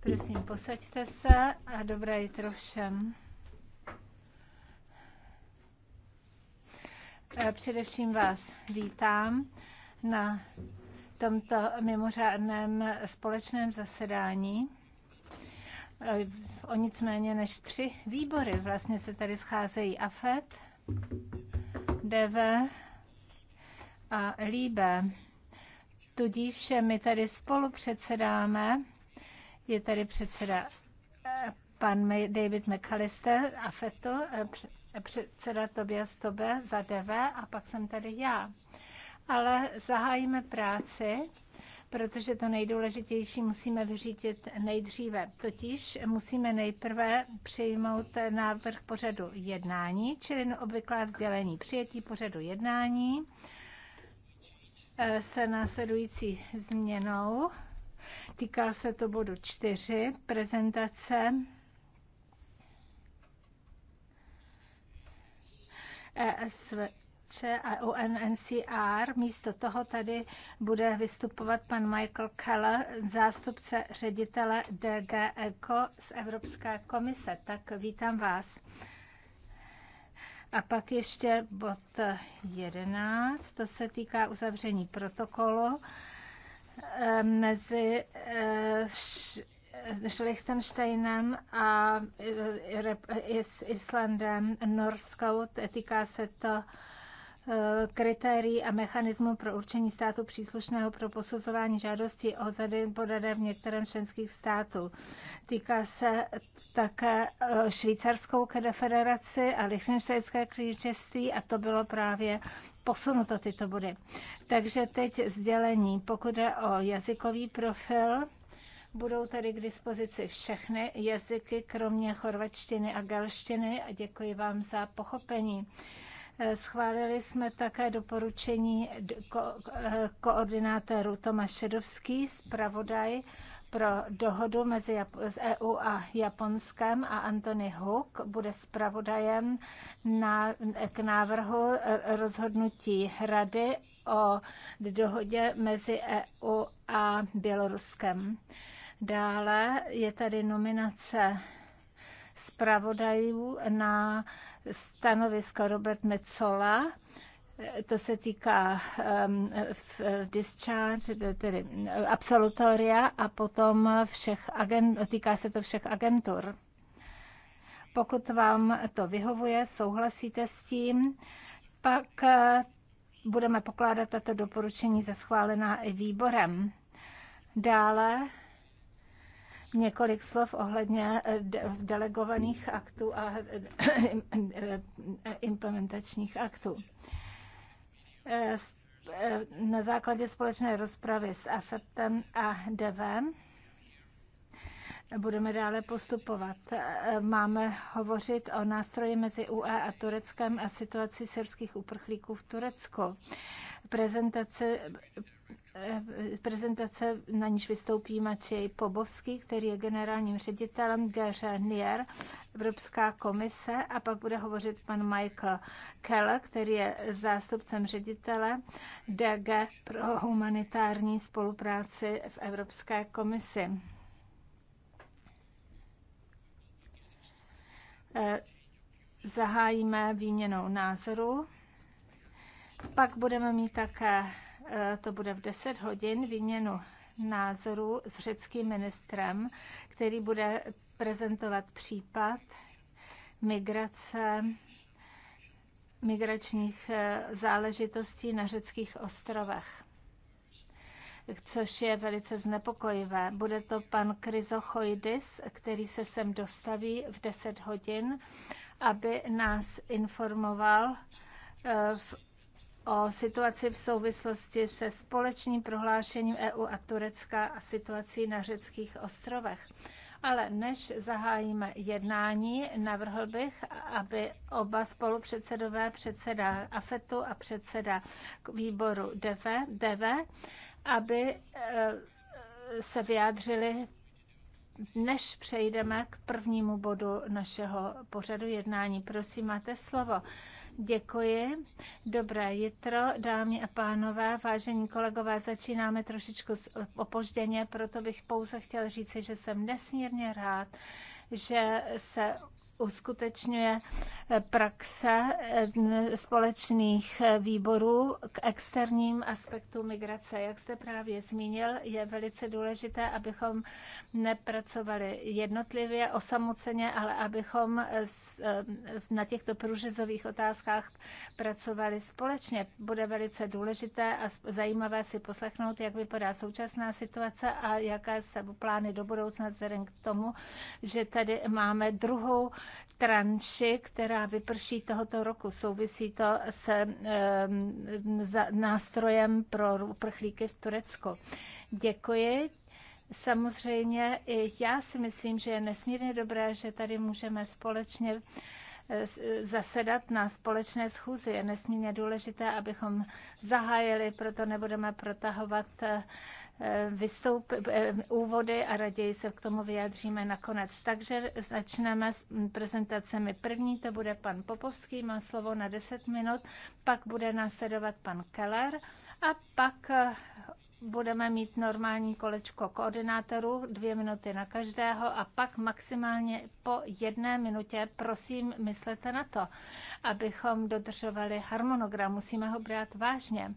Prosím, posaďte se a dobré jitro všem. E, především vás vítám na tomto mimořádném společném zasedání. E, o nic méně než tři výbory vlastně se tady scházejí AFET, DV a LIBE. Tudíž my tady spolu předsedáme je tady předseda eh, pan David McAllister a FETO, eh, předseda Tobias Tobe za DV a pak jsem tady já. Ale zahájíme práci protože to nejdůležitější musíme vyřídit nejdříve. Totiž musíme nejprve přijmout návrh pořadu jednání, čili obvyklá sdělení přijetí pořadu jednání eh, se následující změnou. Týká se to bodu 4, prezentace. ESVČ a UNNCR. Místo toho tady bude vystupovat pan Michael Keller, zástupce ředitele DG ECO z Evropské komise. Tak vítám vás. A pak ještě bod 11, to se týká uzavření protokolu Eh, mezi eh, s Liechtensteinem a eh, Islandem, Norskou, týká se to kritérií a mechanismu pro určení státu příslušného pro posuzování žádostí o zady podané v některém členských států. Týká se také švýcarskou federaci a lichtenštejnské knížectví a to bylo právě posunuto tyto body. Takže teď sdělení, pokud je o jazykový profil, budou tady k dispozici všechny jazyky, kromě chorvačtiny a galštiny a děkuji vám za pochopení. Schválili jsme také doporučení ko- koordinátoru Tomáš Šedovský, zpravodaj pro dohodu mezi EU a Japonskem a Antony Hook bude zpravodajem na, k návrhu eh, rozhodnutí Rady o dohodě mezi EU a Běloruskem. Dále je tady nominace zpravodajů na stanovisko Robert Metzola Eh, to se týká um, discharge, tedy eh, absolutoria a potom všech agent, týká se to všech agentur. Pokud vám to vyhovuje, souhlasíte s tím, pak budeme pokládat tato doporučení za schválená i výborem. Dále několik slov ohledně delegovaných aktů a implementačních aktů na základě společné rozpravy s AFEPem a DEVem. Budeme dále postupovat. Máme hovořit o nástroji mezi UE a Tureckem a situaci syrských uprchlíků v Turecku. Prezentace prezentace, na níž vystoupí Matěj Pobovský, který je generálním ředitelem Geranier, Evropská komise, a pak bude hovořit pan Michael Keller, který je zástupcem ředitele DG pro humanitární spolupráci v Evropské komisi. Zahájíme výměnou názoru. Pak budeme mít také Eh, to bude v 10 hodin, výměnu názoru s řeckým ministrem, který bude prezentovat případ migrace migračních eh, záležitostí na řeckých ostrovech což je velice znepokojivé. Bude to pan Kryzochoidis, který se sem dostaví v 10 hodin, aby nás informoval eh, v o situaci v souvislosti se společným prohlášením EU a Turecka a situací na řeckých ostrovech. Ale než zahájíme jednání, navrhl bych, aby oba spolupředsedové, předseda AFETu a předseda výboru DV, DV aby e, se vyjádřili, než přejdeme k prvnímu bodu našeho pořadu jednání. Prosím, máte slovo. Děkuji. Dobré jitro, dámy a pánové, vážení kolegové, začínáme trošičku eh, opožděně, proto bych pouze chtěl říci, že jsem nesmírně rád, že se uskutečňuje eh, praxe eh, společných eh, výborů k externím aspektům migrace. Jak jste právě zmínil, je velice důležité, abychom nepracovali jednotlivě, osamoceně, ale abychom na těchto průřezových otázkách pracovali společně. Bude velice důležité a zajímavé si poslechnout, jak vypadá současná situace a jaké jsou plány do budoucna vzhledem k tomu, že tady máme druhou tranši, která vyprší tohoto roku. Souvisí to s nástrojem pro uprchlíky v Turecku. Děkuji. Samozřejmě i já si myslím, že je nesmírně dobré, že tady můžeme společně eh, zasedat na společné schůzi. Je nesmírně důležité, abychom zahájili, proto nebudeme protahovat eh, Eh, vystoup, eh, úvody a raději se k tomu vyjádříme nakonec. Takže začneme s prezentacemi. První to bude pan Popovský, má slovo na 10 minut, pak bude následovat pan Keller a pak eh, budeme mít normální kolečko koordinátorů, dvě minuty na každého a pak maximálně po jedné minutě, prosím, myslete na to, abychom dodržovali harmonogram, musíme ho brát vážně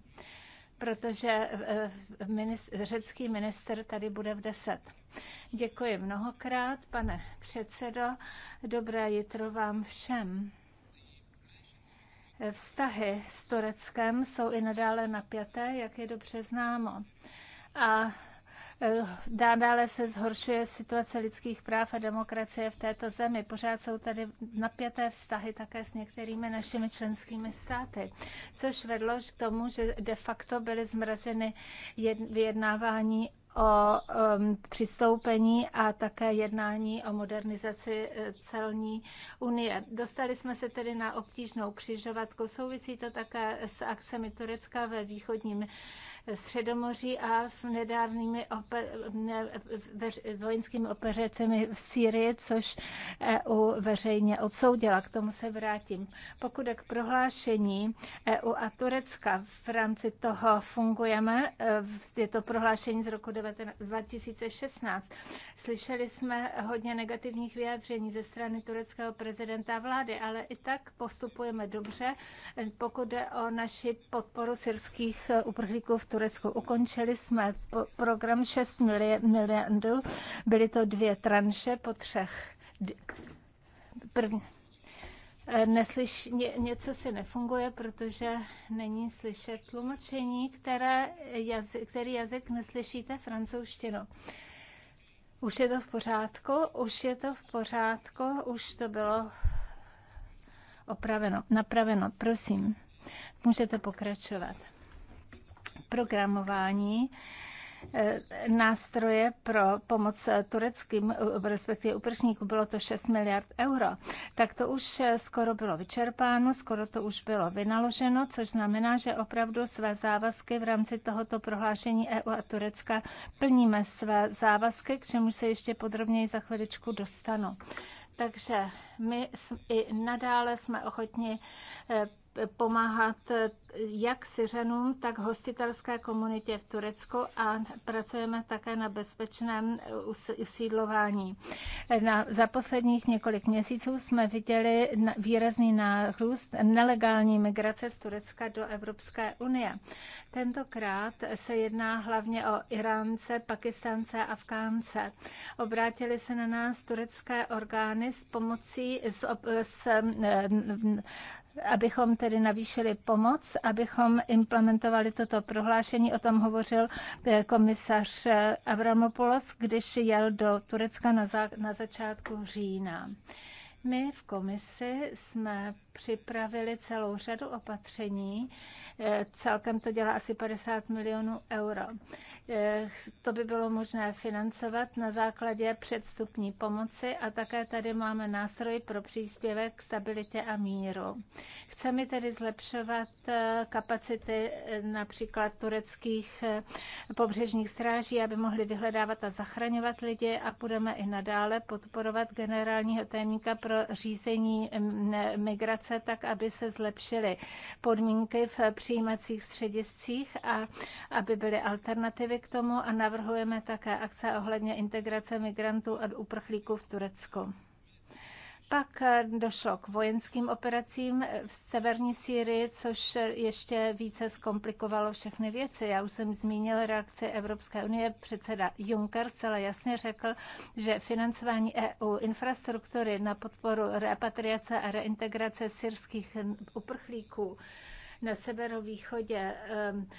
protože eh, eh, ministr, řecký minister tady bude v 10. Děkuji mnohokrát, pane předsedo. Dobré jitro vám všem. Vztahy s Tureckem jsou i nadále napjaté, jak je dobře známo. A Eh, Dále se zhoršuje situace lidských práv a demokracie v této zemi. Pořád jsou tady napěté vztahy také s některými našimi členskými státy, což vedlo k tomu, že de facto byly zmrazeny vyjednávání o um, přistoupení a také jednání o modernizaci eh, celní unie. Dostali jsme se tedy na obtížnou křižovatku. Souvisí to také s akcemi Turecka ve východním Středomoří a s nedávnými vojenskými operacemi v Sýrii, což EU veřejně odsoudila. K tomu se vrátím. Pokud je k prohlášení EU a Turecka, v rámci toho fungujeme. E, je to prohlášení z roku 2016. Slyšeli jsme hodně negativních vyjádření ze strany tureckého prezidenta vlády, ale i tak postupujeme dobře, e, pokud jde o naši podporu syrských e, uprchlíků v Turecku. Ukončili jsme program 6 miliardů, byly to dvě tranše po třech. E, neslyš, ně, něco si nefunguje, protože není slyšet tlumočení, které jazyk, který jazyk neslyšíte francouzštinu. Už je to v pořádku, už je to v pořádku, už to bylo opraveno, napraveno, prosím. Můžete pokračovat programování eh, nástroje pro pomoc tureckým, eh, respektive uprchníkům, bylo to 6 miliard euro, tak to už eh, skoro bylo vyčerpáno, skoro to už bylo vynaloženo, což znamená, že opravdu své závazky v rámci tohoto prohlášení EU a Turecka plníme své závazky, k čemu se ještě podrobněji za chviličku dostanu. Takže my i nadále jsme ochotni pomáhat jak Syřanům, tak hostitelské komunitě v Turecku a pracujeme také na bezpečném usídlování. Na, za posledních několik měsíců jsme viděli výrazný nárůst nelegální migrace z Turecka do Evropské unie. Tentokrát se jedná hlavně o Iránce, Pakistánce, Afgánce. Obrátili se na nás turecké orgány s pomocí s, s, eh, abychom tedy navýšili pomoc, abychom implementovali toto prohlášení. O tom hovořil eh, komisař eh, Avramopoulos, když jel do Turecka na, za, na začátku října. My v komisi jsme připravili celou řadu opatření, eh, celkem to dělá asi 50 milionů euro. Eh, to by bylo možné financovat na základě předstupní pomoci a také tady máme nástroj pro příspěvek k stabilitě a míru. Chceme tedy zlepšovat eh, kapacity eh, například tureckých pobřežních stráží, aby mohli vyhledávat a zachraňovat lidi a budeme i nadále podporovat generálního tajemníka pro řízení mm, migrace, tak aby se zlepšily podmínky v přijímacích střediscích a aby byly alternativy výzvy k tomu a navrhujeme také akce ohledně integrace migrantů a uprchlíků v Turecku. Pak eh, došlo k vojenským operacím eh, v severní Sýrii, což eh, ještě více zkomplikovalo všechny věci. Já už jsem zmínil reakci Evropské unie. Předseda Juncker zcela jasně řekl, že financování EU infrastruktury na podporu repatriace a reintegrace syrských uprchlíků na severovýchodě ehm,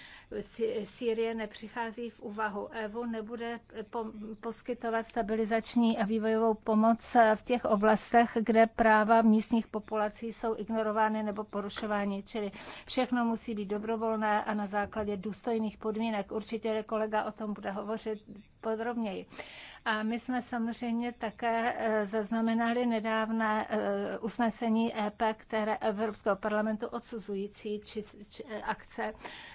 Sýrie nepřichází v úvahu. EU nebude poskytovat stabilizační a vývojovou pomoc e, v těch oblastech, kde práva místních populací jsou ignorovány nebo porušovány. Čili všechno musí být dobrovolné a na základě důstojných podmínek. Určitě kolega o tom bude hovořit podrobněji. A my jsme samozřejmě také eh, zaznamenali nedávné eh, usnesení EP, které Evropského parlamentu odsuzující či, či, eh, akce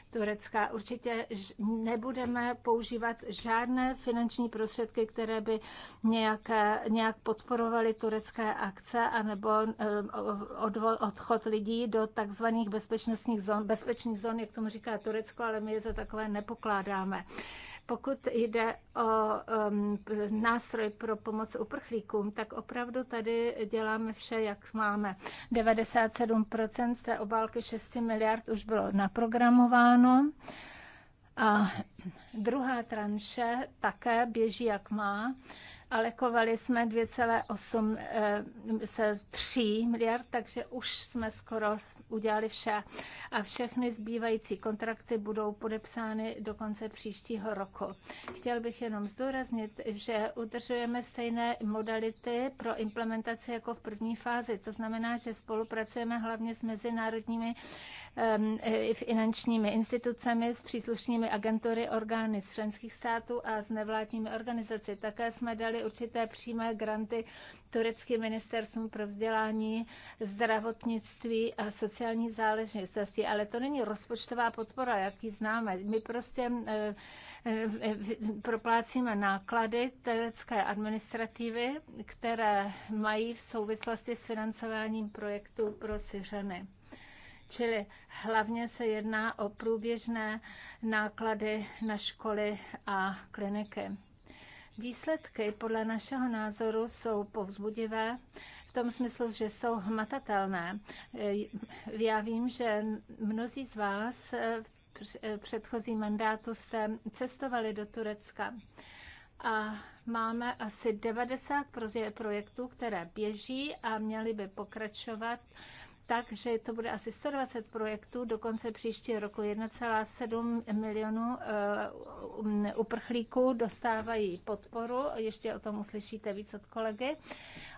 Turecka. Určitě nebudeme používat žádné finanční prostředky, které by nějak, nějak podporovaly turecké akce anebo odvo, odchod lidí do takzvaných bezpečnostních zón, bezpečných zón, jak tomu říká Turecko, ale my je za takové nepokládáme. Pokud jde o um, nástroj pro pomoc uprchlíkům, tak opravdu tady děláme vše, jak máme. 97% z té obálky 6 miliard už bylo naprogramováno. A druhá tranše také běží, jak má ale kovali jsme 2,8 eh, se miliard, takže už jsme skoro udělali vše a všechny zbývající kontrakty budou podepsány do konce příštího roku. Chtěl bych jenom zdůraznit, že udržujeme stejné modality pro implementaci jako v první fázi. To znamená, že spolupracujeme hlavně s mezinárodními Ehm, finančními institucemi, s příslušnými agentury, orgány z členských států a s nevládními organizaci. Také jsme dali určité přímé granty tureckým ministerstvům pro vzdělání, zdravotnictví a sociální záležitosti. Ale to není rozpočtová podpora, jak ji známe. My prostě eh, eh, proplácíme náklady turecké administrativy, které mají v souvislosti s financováním projektů pro Syřany. Čili hlavně se jedná o průběžné náklady na školy a kliniky. Výsledky podle našeho názoru jsou povzbudivé v tom smyslu, že jsou hmatatelné. Já vím, že mnozí z vás v předchozí mandátu jste cestovali do Turecka a máme asi 90 projektů, které běží a měly by pokračovat takže to bude asi 120 projektů do konce příštího roku. 1,7 milionů eh, uprchlíků dostávají podporu. Ještě o tom uslyšíte víc od kolegy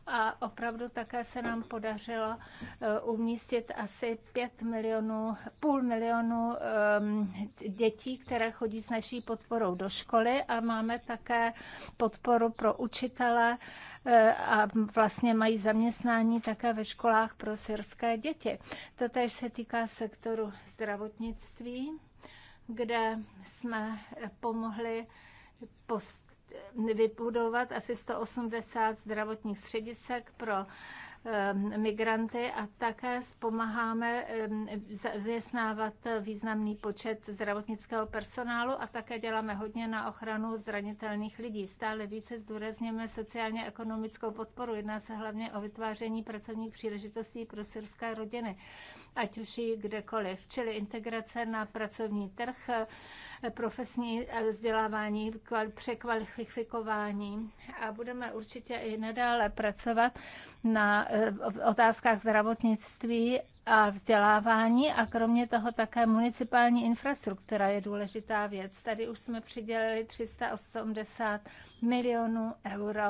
a opravdu také se nám podařilo eh, umístit asi 5 milionů, půl milionu ehm, dětí, které chodí s naší podporou do školy a máme také podporu pro učitele eh, a vlastně mají zaměstnání také ve školách pro syrské děti. To Totež se týká sektoru zdravotnictví, kde jsme eh, pomohli post vybudovat asi 180 zdravotních středisek pro ehm, migranty a také pomáháme ehm, zjesnávat významný počet zdravotnického personálu a také děláme hodně na ochranu zranitelných lidí. Stále více zdůrazněme sociálně-ekonomickou podporu. Jedná se hlavně o vytváření pracovních příležitostí pro syrské rodiny ať už ji kdekoliv. Čili integrace na pracovní trh, profesní vzdělávání, překvalifikování a budeme určitě i nadále pracovat na eh, otázkách zdravotnictví a vzdělávání a kromě toho také municipální infrastruktura je důležitá věc. Tady už jsme přidělili 380 milionů euro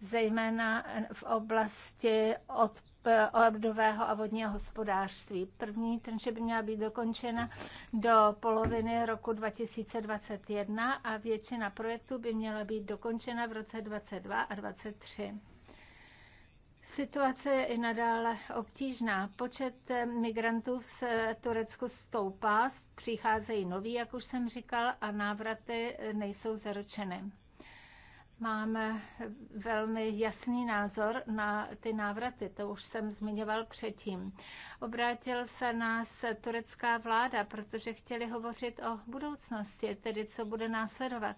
zejména v oblasti od odového a vodního hospodářství. První tranše by měla být dokončena do poloviny roku 2021 a většina projektů by měla být dokončena v roce 2022 a 2023. Situace je i nadále obtížná. Počet migrantů v Turecku stoupá, přicházejí noví, jak už jsem říkal, a návraty nejsou zaručeny máme velmi jasný názor na ty návraty, to už jsem zmiňoval předtím. Obrátil se nás turecká vláda, protože chtěli hovořit o budoucnosti, tedy co bude následovat.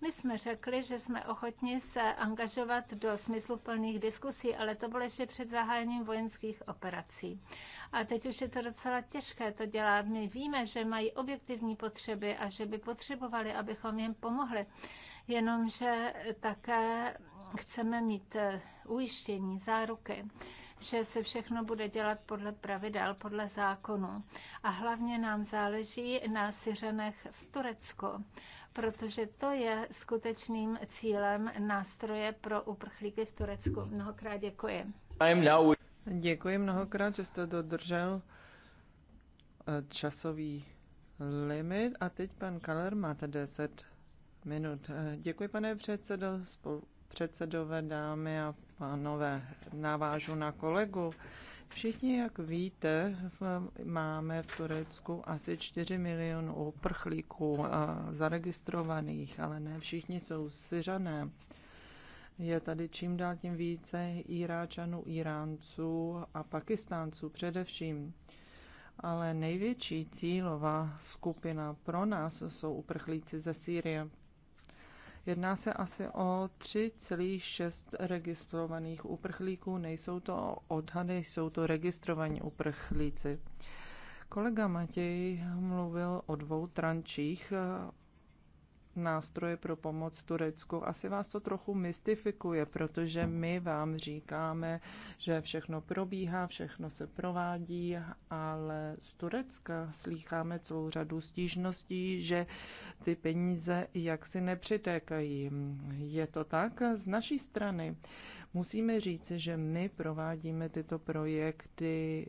My jsme řekli, že jsme ochotni se angažovat do smysluplných diskusí, ale to bylo ještě před zahájením vojenských operací. A teď už je to docela těžké to dělat. My víme, že mají objektivní potřeby a že by potřebovali, abychom jim pomohli jenomže také chceme mít eh, ujištění, záruky, že se všechno bude dělat podle pravidel, podle zákonu. A hlavně nám záleží na Syřanech v Turecku, protože to je skutečným cílem nástroje pro uprchlíky v Turecku. Mnohokrát děkuji. Děkuji mnohokrát, že jste dodržel eh, časový limit. A teď pan Kaler máte 10 minut. Eh, děkuji, pane předsedo, spolu, předsedové, dámy a pánové. Navážu na kolegu. Všichni, jak víte, máme v Turecku asi 4 milionů uprchlíků eh, zaregistrovaných, ale ne všichni jsou syřané. Je tady čím dál tím více Iráčanů, Iránců a Pakistánců především. Ale největší cílová skupina pro nás jsou uprchlíci ze Sýrie, Jedná se asi o 3,6 registrovaných uprchlíků. Nejsou to odhady, jsou to registrovaní uprchlíci. Kolega Matěj mluvil o dvou trančích nástroje pro pomoc Turecku. Asi vás to trochu mystifikuje, protože my vám říkáme, že všechno probíhá, všechno se provádí, ale z Turecka slýcháme celou řadu stížností, že ty peníze jaksi nepřitékají. Je to tak? Z naší strany Musíme říci, že my provádíme tyto projekty,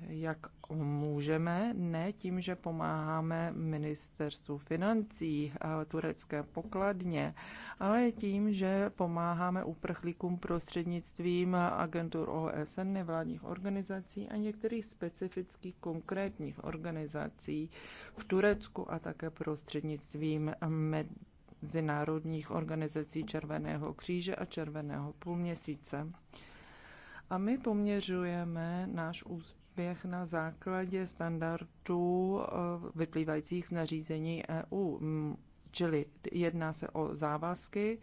jak můžeme, ne tím, že pomáháme ministerstvu financí, turecké pokladně, ale tím, že pomáháme uprchlíkům prostřednictvím agentur OSN, nevládních organizací a některých specifických konkrétních organizací v Turecku a také prostřednictvím med mezinárodních organizací Červeného kříže a Červeného půlměsíce. A my poměřujeme náš úspěch na základě standardů eh, vyplývajících z nařízení EU, čili jedná se o závazky,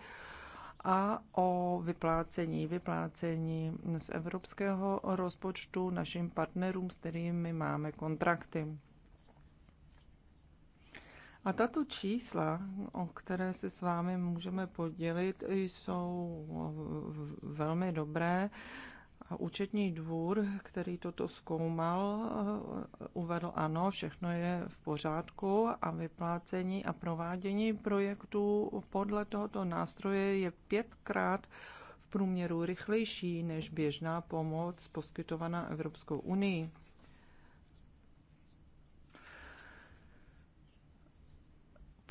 a o vyplácení. Vyplácení z evropského rozpočtu našim partnerům, s kterými máme kontrakty. A tato čísla, o které se s vámi můžeme podělit, jsou velmi dobré. A účetní dvůr, který toto zkoumal, uvedl ano, všechno je v pořádku a vyplácení a provádění projektů podle tohoto nástroje je pětkrát v průměru rychlejší než běžná pomoc poskytovaná Evropskou unii.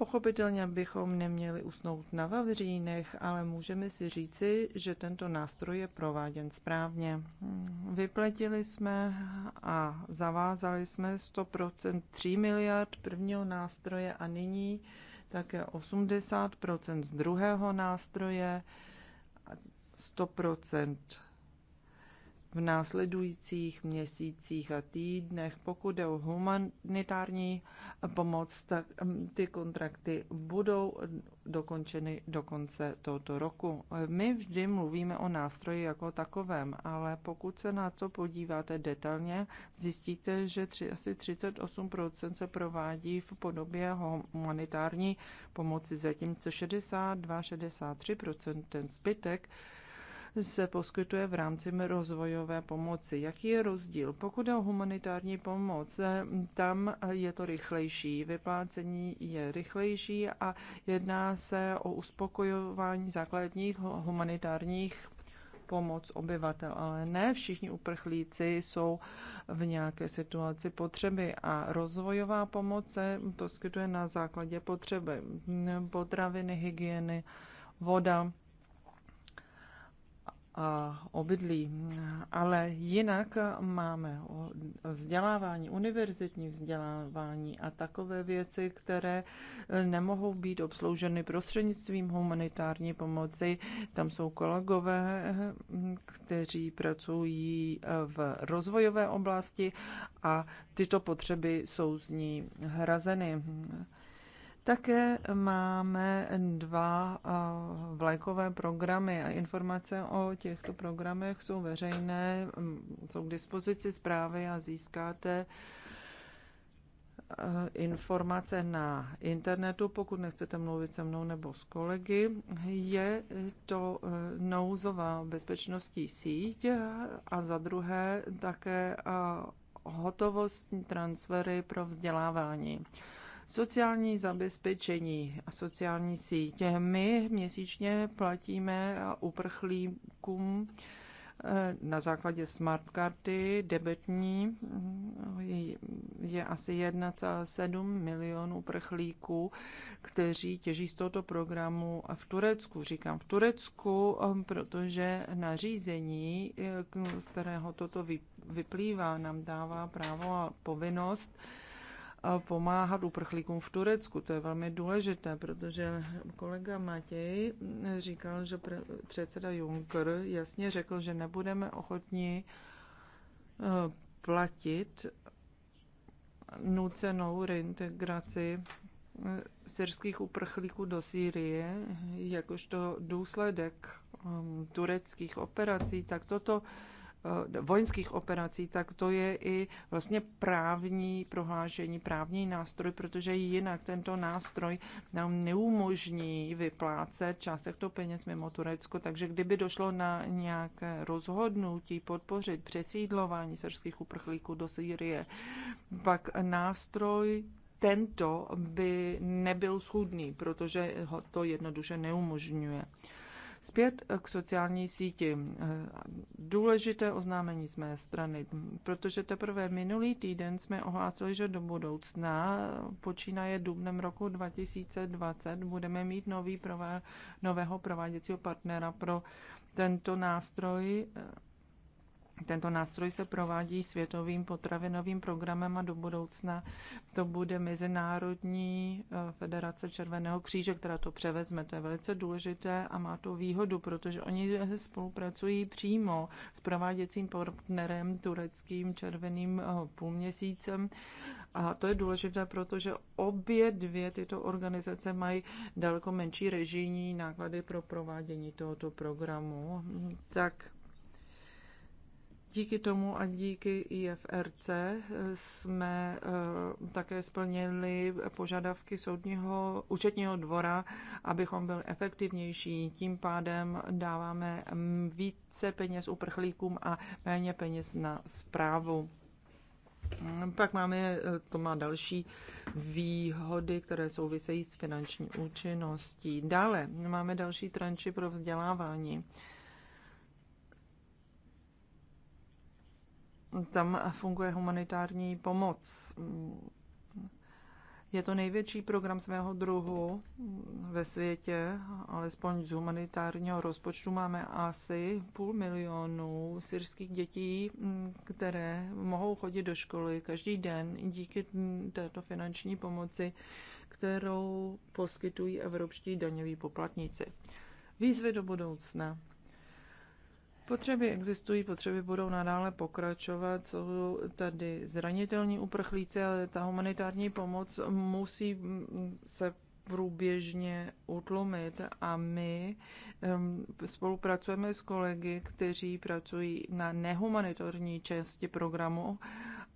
Pochopitelně bychom neměli usnout na vavřínech, ale můžeme si říci, že tento nástroj je prováděn správně. Vyplatili jsme a zavázali jsme 100% 3 miliard prvního nástroje a nyní také 80% z druhého nástroje, 100% v následujících měsících a týdnech. Pokud jde o humanitární pomoc, tak mm, ty kontrakty budou dokončeny do konce tohoto roku. My vždy mluvíme o nástroji jako takovém, ale pokud se na to podíváte detailně, zjistíte, že tři, asi 38% se provádí v podobě humanitární pomoci, zatímco 62-63% ten zbytek se poskytuje v rámci rozvojové pomoci. Jaký je rozdíl? Pokud je o humanitární pomoc, tam je to rychlejší, vyplácení je rychlejší a jedná se o uspokojování základních humanitárních pomoc obyvatel, ale ne všichni uprchlíci jsou v nějaké situaci potřeby a rozvojová pomoc se poskytuje na základě potřeby potraviny, hygieny, voda obydlí. Ale jinak máme vzdělávání, univerzitní vzdělávání a takové věci, které eh, nemohou být obslouženy prostřednictvím humanitární pomoci. Tam jsou kolegové, kteří pracují eh, v rozvojové oblasti a tyto potřeby jsou z ní hrazeny. Také máme dva vlajkové programy a informace o těchto programech jsou veřejné, jsou k dispozici zprávy a získáte e, informace na internetu, pokud nechcete mluvit se mnou nebo s kolegy. Je to e, nouzová bezpečnostní síť a za druhé také hotovostní transfery pro vzdělávání. Sociální zabezpečení a sociální sítě. My měsíčně platíme uprchlíkům eh, na základě smartkarty debetní je asi 1,7 milionů uprchlíků, kteří těží z tohoto programu v Turecku. Říkám v Turecku, eh, protože nařízení, eh, z kterého toto vyplývá, nám dává právo a povinnost pomáhat uprchlíkům v Turecku. To je velmi důležité, protože kolega Matěj říkal, že předseda Juncker jasně řekl, že nebudeme ochotni eh, platit nucenou reintegraci eh, syrských uprchlíků do Sýrie, jakožto důsledek eh, tureckých operací, tak toto Eh, vojenských operací, tak to je i vlastně právní prohlášení, právní nástroj, protože jinak tento nástroj nám neumožní vyplácet část těchto peněz mimo Turecko, takže kdyby došlo na nějaké rozhodnutí podpořit přesídlování syrských uprchlíků do Sýrie, pak nástroj tento by nebyl schůdný, protože ho to jednoduše neumožňuje. Zpět k sociální síti. Důležité oznámení z mé strany, protože teprve minulý týden jsme ohlásili, že do budoucna, počínaje dubnem roku 2020, budeme mít nový prová- nového prováděcího partnera pro tento nástroj tento nástroj se provádí světovým potravinovým programem a do budoucna to bude Mezinárodní eh, federace Červeného kříže, která to převezme. To je velice důležité a má to výhodu, protože oni spolupracují přímo s prováděcím partnerem tureckým Červeným eh, půlměsícem. A to je důležité, protože obě dvě tyto organizace mají daleko menší režijní náklady pro provádění tohoto programu. Tak Díky tomu a díky IFRC jsme eh, také splnili požadavky soudního účetního dvora, abychom byli efektivnější. Tím pádem dáváme více peněz uprchlíkům a méně peněz na zprávu. Pak máme, eh, to má další výhody, které souvisejí s finanční účinností. Dále máme další tranči pro vzdělávání. tam funguje humanitární pomoc. Je to největší program svého druhu ve světě, alespoň z humanitárního rozpočtu máme asi půl milionu syrských dětí, které mohou chodit do školy každý den díky této finanční pomoci, kterou poskytují evropští daňoví poplatníci. Výzvy do budoucna. Potřeby existují, potřeby budou nadále pokračovat. Jsou tady zranitelní uprchlíci, ale ta humanitární pomoc musí se průběžně utlumit a my um, spolupracujeme s kolegy, kteří pracují na nehumanitární části programu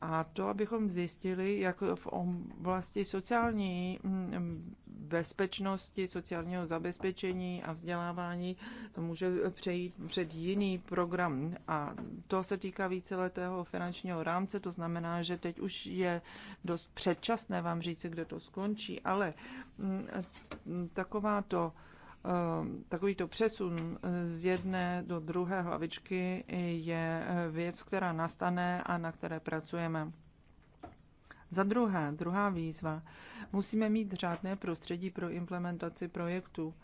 a to, abychom zjistili, jak v oblasti sociální mm, bezpečnosti, sociálního zabezpečení a vzdělávání to může přejít před jiný program. A to se týká víceletého finančního rámce, to znamená, že teď už je dost předčasné vám říct, kde to skončí, ale mm, takováto to Ehm, takovýto přesun eh, z jedné do druhé hlavičky je eh, věc, která nastane a na které pracujeme. Za druhé, druhá výzva. Musíme mít řádné prostředí pro implementaci projektu,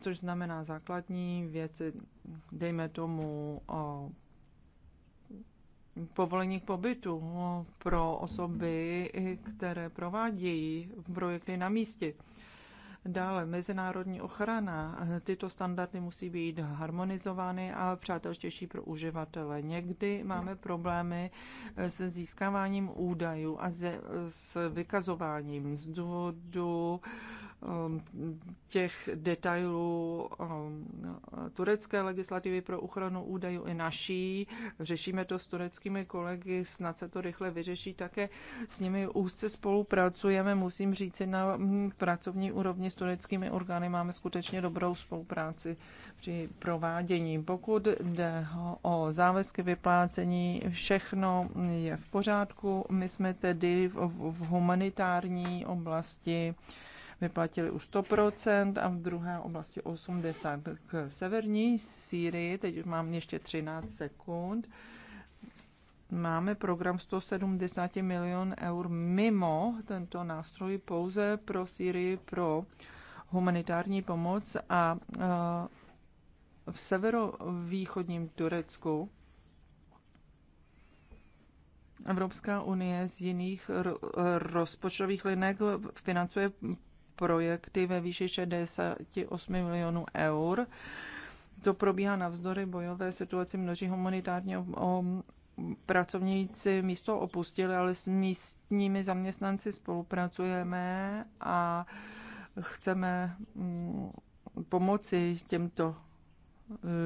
což znamená základní věci, dejme tomu o povolení k pobytu pro osoby, které provádějí projekty na místě. Dále mezinárodní ochrana. Tyto standardy musí být harmonizovány a přátelštější pro uživatele. Někdy máme problémy se získáváním údajů a se, s vykazováním z důvodu Um, těch detailů um, turecké legislativy pro ochranu údajů i naší. Řešíme to s tureckými kolegy, snad se to rychle vyřeší. Také s nimi úzce spolupracujeme, musím říct, na mm, pracovní úrovni s tureckými orgány máme skutečně dobrou spolupráci při provádění. Pokud jde o závazky vyplácení, všechno je v pořádku. My jsme tedy v humanitární oblasti vyplatili už 100% a v druhé oblasti 80%. K severní Sýrii, teď už mám ještě 13 sekund, máme program 170 milion eur mimo tento nástroj pouze pro Sýrii, pro humanitární pomoc a eh, v severovýchodním Turecku Evropská unie z jiných rozpočtových linek financuje projekty ve výši 68 milionů eur. To probíhá navzdory bojové situaci množí humanitárně pracovníci místo opustili, ale s místními zaměstnanci spolupracujeme a chceme mm, pomoci těmto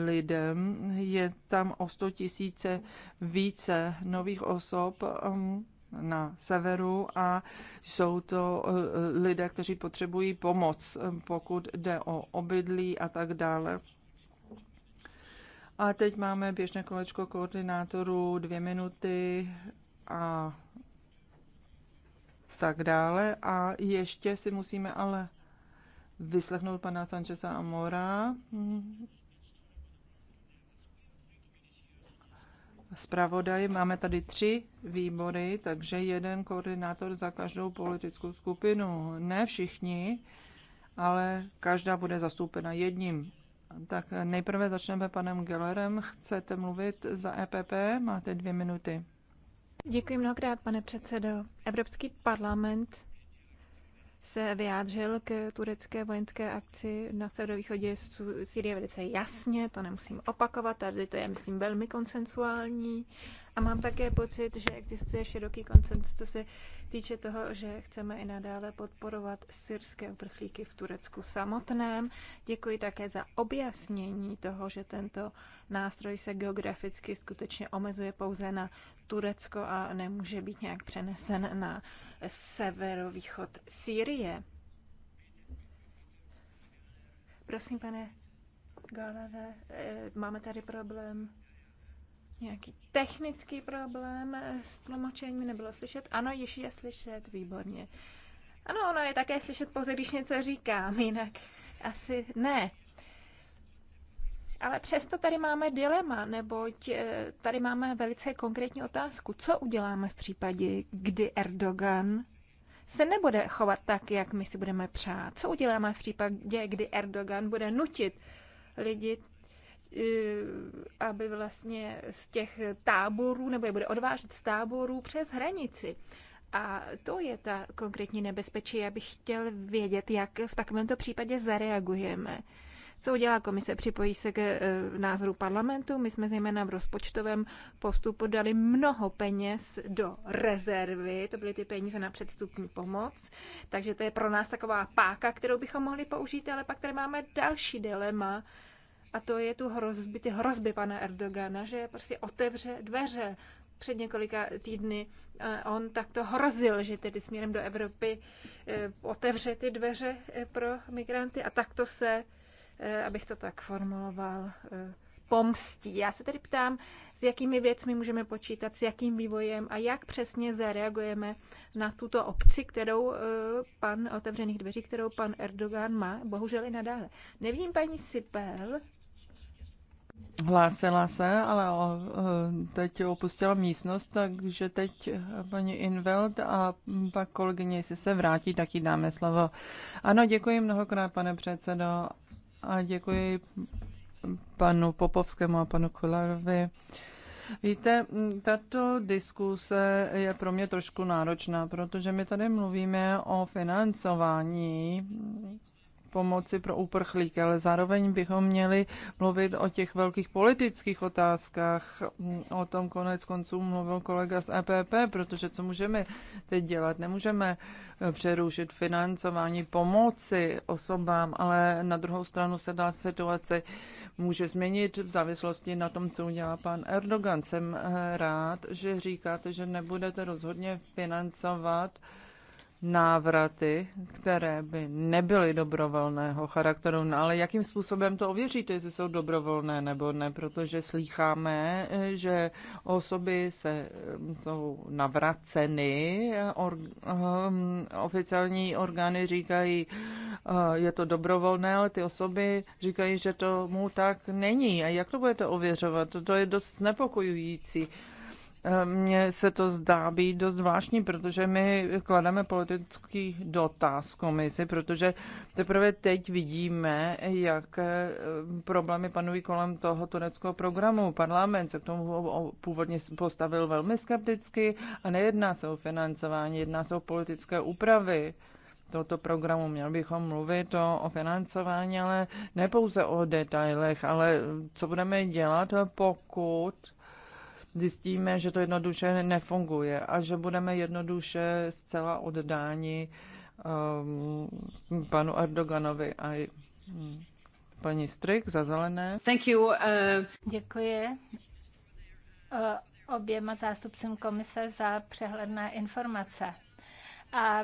lidem. Je tam o 100 tisíce více nových osob, mm, na severu a jsou to eh, lidé, kteří potřebují pomoc, eh, pokud jde o obydlí a tak dále. A teď máme běžné kolečko koordinátorů, dvě minuty a tak dále. A ještě si musíme ale vyslechnout pana Sancheza Amora, zpravodaj. Máme tady tři výbory, takže jeden koordinátor za každou politickou skupinu. Ne všichni, ale každá bude zastoupena jedním. Tak nejprve začneme panem Gellerem. Chcete mluvit za EPP? Máte dvě minuty. Děkuji mnohokrát, pane předsedo. Evropský parlament se vyjádřil k turecké vojenské akci na severovýchodě Syrie velice jasně, to nemusím opakovat, tady to je, myslím, velmi konsensuální. A mám také pocit, že existuje široký konsens, co se týče toho, že chceme i nadále podporovat syrské uprchlíky v Turecku samotném. Děkuji také za objasnění toho, že tento nástroj se geograficky skutečně omezuje pouze na Turecko a nemůže být nějak přenesen na severovýchod Sýrie. Prosím, pane Galave, eh, máme tady problém, nějaký technický problém s tlumočením, nebylo slyšet? Ano, již je slyšet, výborně. Ano, ono je také slyšet pouze, když něco říkám, jinak asi ne. Ale přesto tady máme dilema, neboť eh, tady máme velice konkrétní otázku. Co uděláme v případě, kdy Erdogan se nebude chovat tak, jak my si budeme přát? Co uděláme v případě, kdy Erdogan bude nutit lidi eh, aby vlastně z těch táborů, nebo je bude odvážet z táborů přes hranici. A to je ta konkrétní nebezpečí. Já bych chtěl vědět, jak v takovémto případě zareagujeme. Co udělá komise? Připojí se k eh, názoru parlamentu. My jsme zejména v rozpočtovém postupu dali mnoho peněz do rezervy. To byly ty peníze na předstupní pomoc. Takže to je pro nás taková páka, kterou bychom mohli použít, ale pak tady máme další dilema, a to je tu hrozby, ty hrozby pana Erdogana, že prostě otevře dveře. Před několika týdny eh, on takto hrozil, že tedy směrem do Evropy eh, otevře ty dveře pro migranty a takto se Eh, abych to tak formuloval, eh, pomstí. Já se tedy ptám, s jakými věcmi můžeme počítat, s jakým vývojem a jak přesně zareagujeme na tuto obci, kterou eh, pan otevřených dveří, kterou pan Erdogan má, bohužel i nadále. Nevím, paní Sipel, Hlásila se, ale o, teď opustila místnost, takže teď paní Inveld a pak kolegyně, jestli se vrátí, tak jí dáme slovo. Ano, děkuji mnohokrát, pane předsedo, a děkuji panu Popovskému a panu Kolarovi. Víte, tato diskuse je pro mě trošku náročná, protože my tady mluvíme o financování pomoci pro uprchlíky, ale zároveň bychom měli mluvit o těch velkých politických otázkách. O tom konec konců mluvil kolega z EPP, protože co můžeme teď dělat? Nemůžeme eh, přerušit financování pomoci osobám, ale na druhou stranu se dá situace může změnit v závislosti na tom, co udělá pan Erdogan. Jsem eh, rád, že říkáte, že nebudete rozhodně financovat návraty, které by nebyly dobrovolného charakteru, no ale jakým způsobem to ověříte, jestli jsou dobrovolné nebo ne, protože slýcháme, eh, že osoby se, eh, jsou navraceny, eh, or, um, oficiální orgány říkají, uh, je to dobrovolné, ale ty osoby říkají, že tomu tak není. A jak to budete ověřovat? To je dost znepokojující. Uh, mně se to zdá být dost zvláštní, protože my klademe politický dotaz komisi, protože teprve teď vidíme, jak eh, problémy panují kolem toho tureckého programu. Parlament se k tomu původně postavil velmi skepticky a nejedná se o financování, jedná se o politické úpravy tohoto programu. Měl bychom mluvit o, o financování, ale ne pouze o detailech, ale co budeme dělat, pokud zjistíme, že to jednoduše nefunguje a že budeme jednoduše zcela oddáni um, panu Erdoganovi a hm, paní Strik za zelené. Thank you. Uh... Děkuji. Uh, oběma zástupcům komise za přehledné informace. A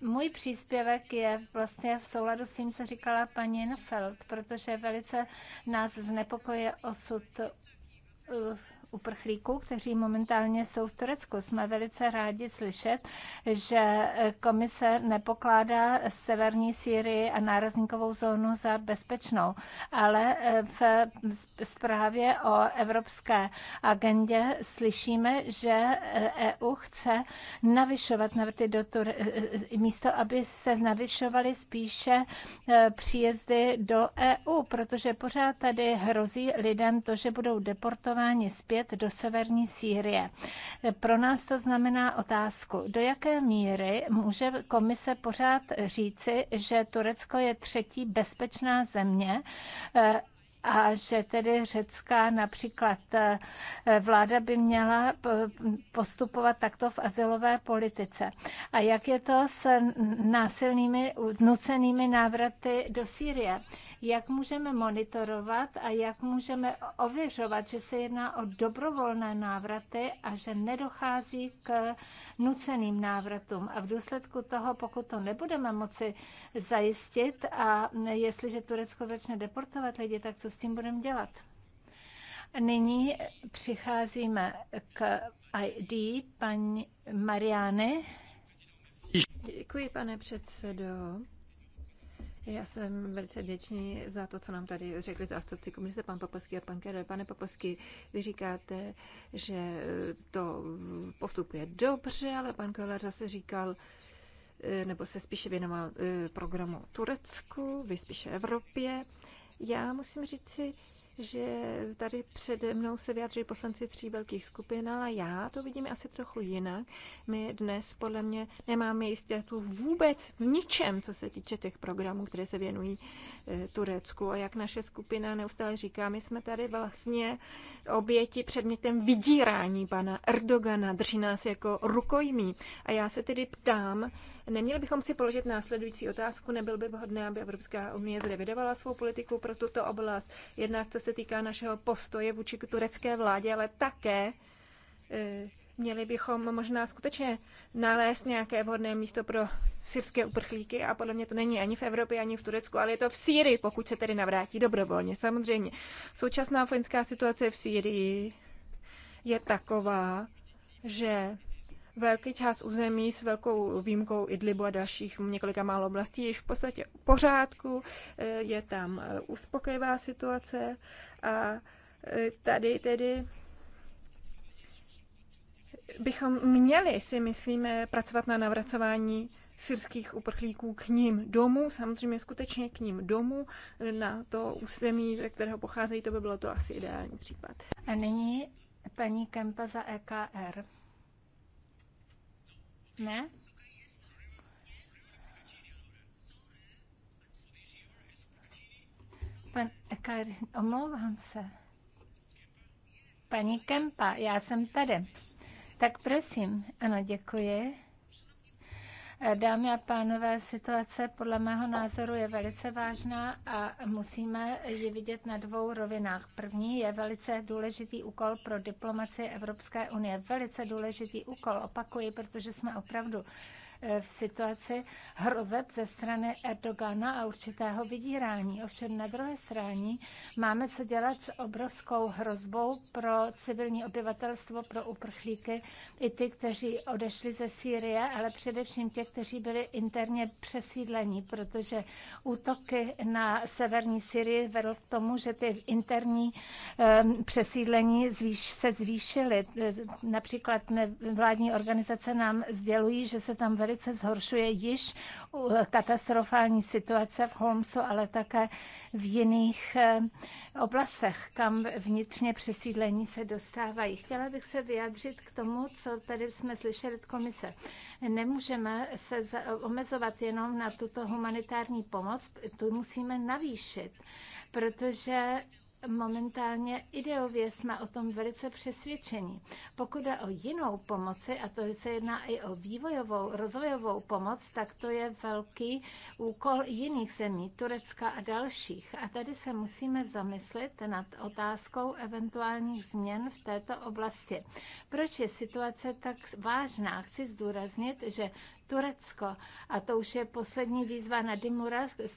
můj příspěvek je vlastně v souladu s tím, co říkala paní Infeld, protože velice nás znepokoje osud uh, uprchlíků, kteří momentálně jsou v Turecku. Jsme velice rádi slyšet, že komise nepokládá severní Sýrii a nárazníkovou zónu za bezpečnou, ale v zprávě o evropské agendě slyšíme, že EU chce navyšovat navty do Tur- místo, aby se navyšovaly spíše e, příjezdy do EU, protože pořád tady hrozí lidem to, že budou deportováni zpět zpět do severní Sýrie. Pro nás to znamená otázku, do jaké míry může komise pořád říci, že Turecko je třetí bezpečná země eh, a že tedy řecká například eh, vláda by měla eh, postupovat takto v asilové politice. A jak je to s násilnými, nucenými návraty do Sýrie? jak můžeme monitorovat a jak můžeme ověřovat, že se jedná o dobrovolné návraty a že nedochází k nuceným návratům. A v důsledku toho, pokud to nebudeme moci zajistit a jestliže Turecko začne deportovat lidi, tak co s tím budeme dělat? Nyní přicházíme k ID paní Mariany. Děkuji, pane předsedo. Já jsem velice vděčný za to, co nám tady řekli zástupci komise, pan Popesky a pan Kerel. Pane Popesky, vy říkáte, že to postupuje dobře, ale pan Keller zase říkal, eh, nebo se spíše věnoval eh, programu Turecku, vy spíše Evropě. Já musím říct že tady přede mnou se vyjadřují poslanci tří velkých skupin, ale já to vidím asi trochu jinak. My dnes podle mě nemáme jistotu vůbec v ničem, co se týče těch programů, které se věnují eh, Turecku. A jak naše skupina neustále říká, my jsme tady vlastně oběti předmětem vydírání pana Erdogana, drží nás jako rukojmí. A já se tedy ptám, Neměli bychom si položit následující otázku, nebyl by vhodné, aby Evropská unie zrevidovala svou politiku pro tuto oblast, jednak co se se týká našeho postoje vůči turecké vládě, ale také e, měli bychom možná skutečně nalézt nějaké vhodné místo pro syrské uprchlíky a podle mě to není ani v Evropě, ani v Turecku, ale je to v Sýrii, pokud se tedy navrátí dobrovolně. Samozřejmě současná vojenská situace v Sýrii je taková, že velký část území s velkou výjimkou Idlibu a dalších několika málo oblastí je v podstatě v pořádku, eh, je tam eh, uspokojivá situace a eh, tady tedy bychom měli, si myslíme, pracovat na navracování syrských uprchlíků k ním domů, samozřejmě skutečně k ním domů, na to území, ze kterého pocházejí, to by bylo to asi ideální případ. A nyní paní Kempa za EKR. Ne? Pan Ekari, omlouvám se. Paní Kempa, já jsem tady. Tak prosím, ano, děkuji. Dámy a pánové, situace podle mého názoru je velice vážná a musíme ji vidět na dvou rovinách. První je velice důležitý úkol pro diplomaci Evropské unie. Velice důležitý úkol, opakuji, protože jsme opravdu Eh, v situaci hrozeb ze strany Erdogana a určitého vydírání. Ovšem na druhé straně máme co dělat s obrovskou hrozbou pro civilní obyvatelstvo, pro uprchlíky, i ty, kteří odešli ze Sýrie, ale především těch, kteří byli interně přesídleni, protože útoky na severní Syrii vedl k tomu, že ty interní um, přesídlení zvýš, se zvýšily. Například vládní organizace nám sdělují, že se tam velice velice zhoršuje již katastrofální situace v Holmesu, ale také v jiných eh, oblastech, kam vnitřně přesídlení se dostávají. Chtěla bych se vyjádřit k tomu, co tady jsme slyšeli od komise. Nemůžeme se omezovat jenom na tuto humanitární pomoc, tu musíme navýšit, protože momentálně ideově jsme o tom velice přesvědčeni. Pokud jde o jinou pomoci, a to se jedná i o vývojovou, rozvojovou pomoc, tak to je velký úkol jiných zemí, Turecka a dalších. A tady se musíme zamyslet nad otázkou eventuálních změn v této oblasti. Proč je situace tak vážná? Chci zdůraznit, že Turecko, a to už je poslední výzva na Dimura, eh,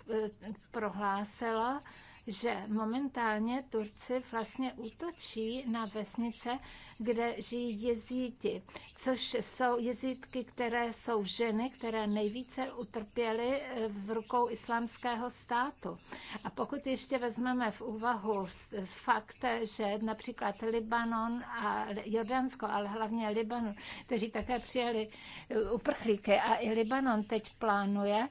prohlásilo, že momentálně Turci vlastně útočí na vesnice, kde žijí jezíti, což jsou jezítky, které jsou ženy, které nejvíce utrpěly eh, v rukou islámského státu. A pokud ještě vezmeme v úvahu fakt, že například Libanon a Jordánsko, ale hlavně Libanon, kteří také přijeli eh, uprchlíky a i Libanon teď plánuje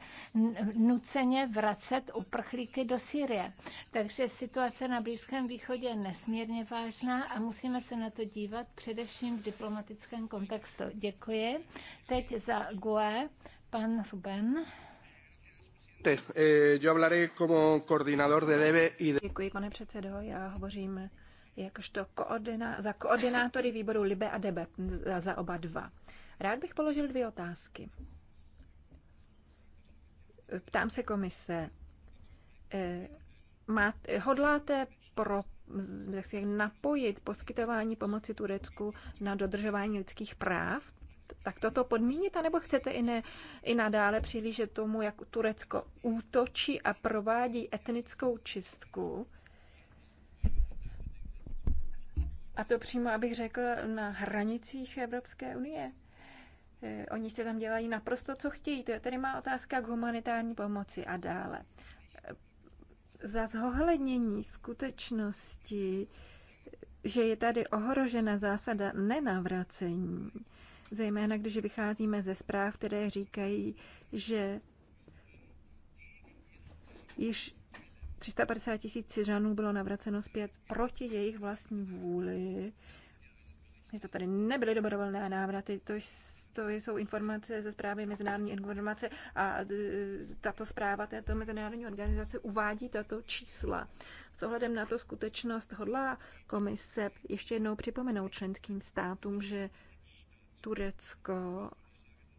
nuceně vracet uprchlíky do Syrie. Takže situace na Blízkém východě je nesmírně vážná a musíme se na to dívat dělat především v diplomatickém kontextu. Děkuji. Teď za GUE pan Ruben. Eh, Děkuji, pane předsedo. Já hovořím jakožto koordiná- za koordinátory výboru Libe a Debe za, za oba dva. Rád bych položil dvě otázky. Ptám se komise. Eh, má, hodláte pro jak napojit poskytování pomoci Turecku na dodržování lidských práv, tak toto podmínit, anebo chcete i, ne, i nadále přihlížet tomu, jak Turecko útočí a provádí etnickou čistku? A to přímo, abych řekl, na hranicích Evropské unie. Eh, oni se tam dělají naprosto, co chtějí. To je tedy má otázka k humanitární pomoci a dále za zohlednění skutečnosti, že je tady ohrožena zásada nenavracení, zejména když vycházíme ze zpráv, které říkají, že již 350 tisíc Syřanů bylo navraceno zpět proti jejich vlastní vůli, že to tady nebyly dobrovolné návraty, to to jsou informace ze zprávy Mezinárodní informace a e, tato zpráva této mezinárodní organizace uvádí tato čísla. S ohledem na to skutečnost hodlá komise ještě jednou připomenout členským státům, že Turecko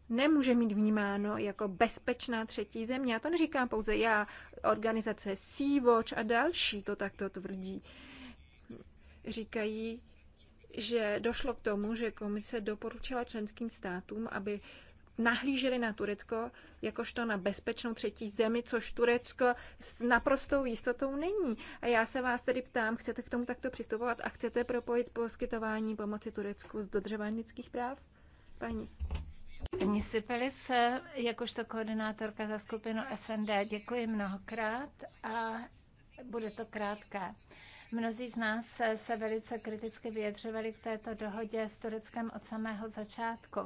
nemůže mít vnímáno jako bezpečná třetí země. Já to neříkám pouze já, organizace Sea Watch a další to takto tvrdí. Říkají, že došlo k tomu, že komise doporučila členským státům, aby nahlíželi na Turecko jakožto na bezpečnou třetí zemi, což Turecko s naprostou jistotou není. A já se vás tedy ptám, chcete k tomu takto přistupovat a chcete propojit poskytování pomoci Turecku s dodržováním lidských práv? Paní. Paní Sipelis, jakožto koordinátorka za skupinu SND, děkuji mnohokrát a bude to krátké. Mnozí z nás se velice kriticky vyjadřovali k této dohodě s Tureckem od samého začátku.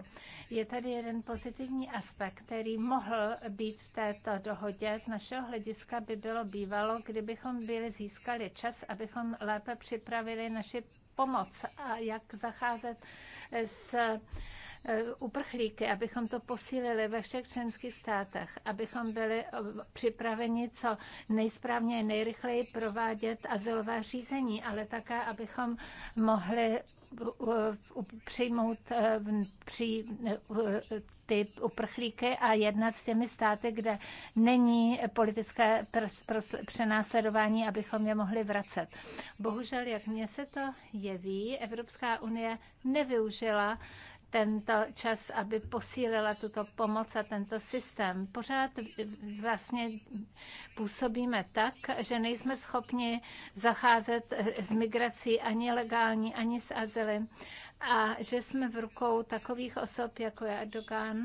Je tady jeden pozitivní aspekt, který mohl být v této dohodě. Z našeho hlediska by bylo bývalo, kdybychom byli získali čas, abychom lépe připravili naši pomoc a jak zacházet s Eh, uprchlíky, abychom to posílili ve všech členských státech, abychom byli eh, připraveni co nejsprávněji, nejrychleji provádět azylové řízení, ale také, abychom mohli eh, přijmout při, ty uprchlíky a jednat s těmi státy, kde není politické přenásledování, abychom je mohli vracet. Bohužel, jak mně se to jeví, Evropská unie nevyužila tento čas, aby posílila tuto pomoc a tento systém. Pořád vlastně působíme tak, že nejsme schopni zacházet s migrací ani legální, ani s azyly a že jsme v rukou takových osob, jako je Erdogan,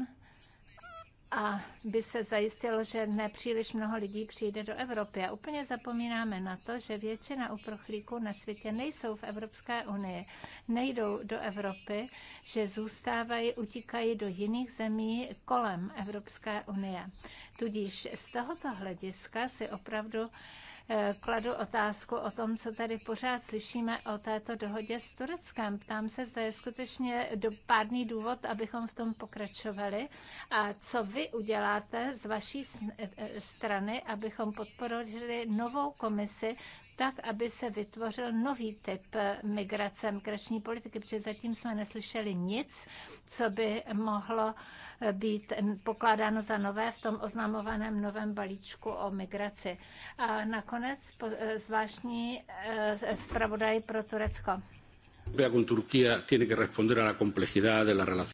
a by se zajistilo, že nepříliš mnoho lidí přijde do Evropy. A úplně zapomínáme na to, že většina uprchlíků na světě nejsou v Evropské unii, nejdou do Evropy, že zůstávají, utíkají do jiných zemí kolem Evropské unie. Tudíž z tohoto hlediska si opravdu Eh, kladu otázku o tom, co tady pořád slyšíme o této dohodě s Tureckem. Ptám se, zda je skutečně dopádný důvod, abychom v tom pokračovali. A co vy uděláte z vaší eh, eh, strany, abychom podporovali novou komisi tak, aby se vytvořil nový typ migrace, migrační politiky, protože zatím jsme neslyšeli nic, co by mohlo být pokládáno za nové v tom oznamovaném novém balíčku o migraci. A nakonec eh, zvláštní eh, zpravodaj pro Turecko.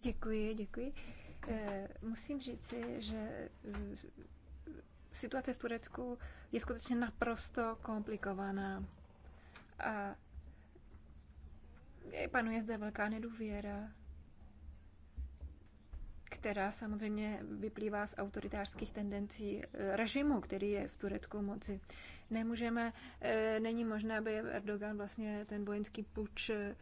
Děkuji, děkuji. Eh, musím říci, že situace v Turecku je skutečně naprosto komplikovaná. A panuje zde velká nedůvěra, která samozřejmě vyplývá z autoritářských tendencí eh, režimu, který je v Turecku moci. Nemůžeme, eh, není možné, aby Erdogan vlastně ten vojenský puč eh,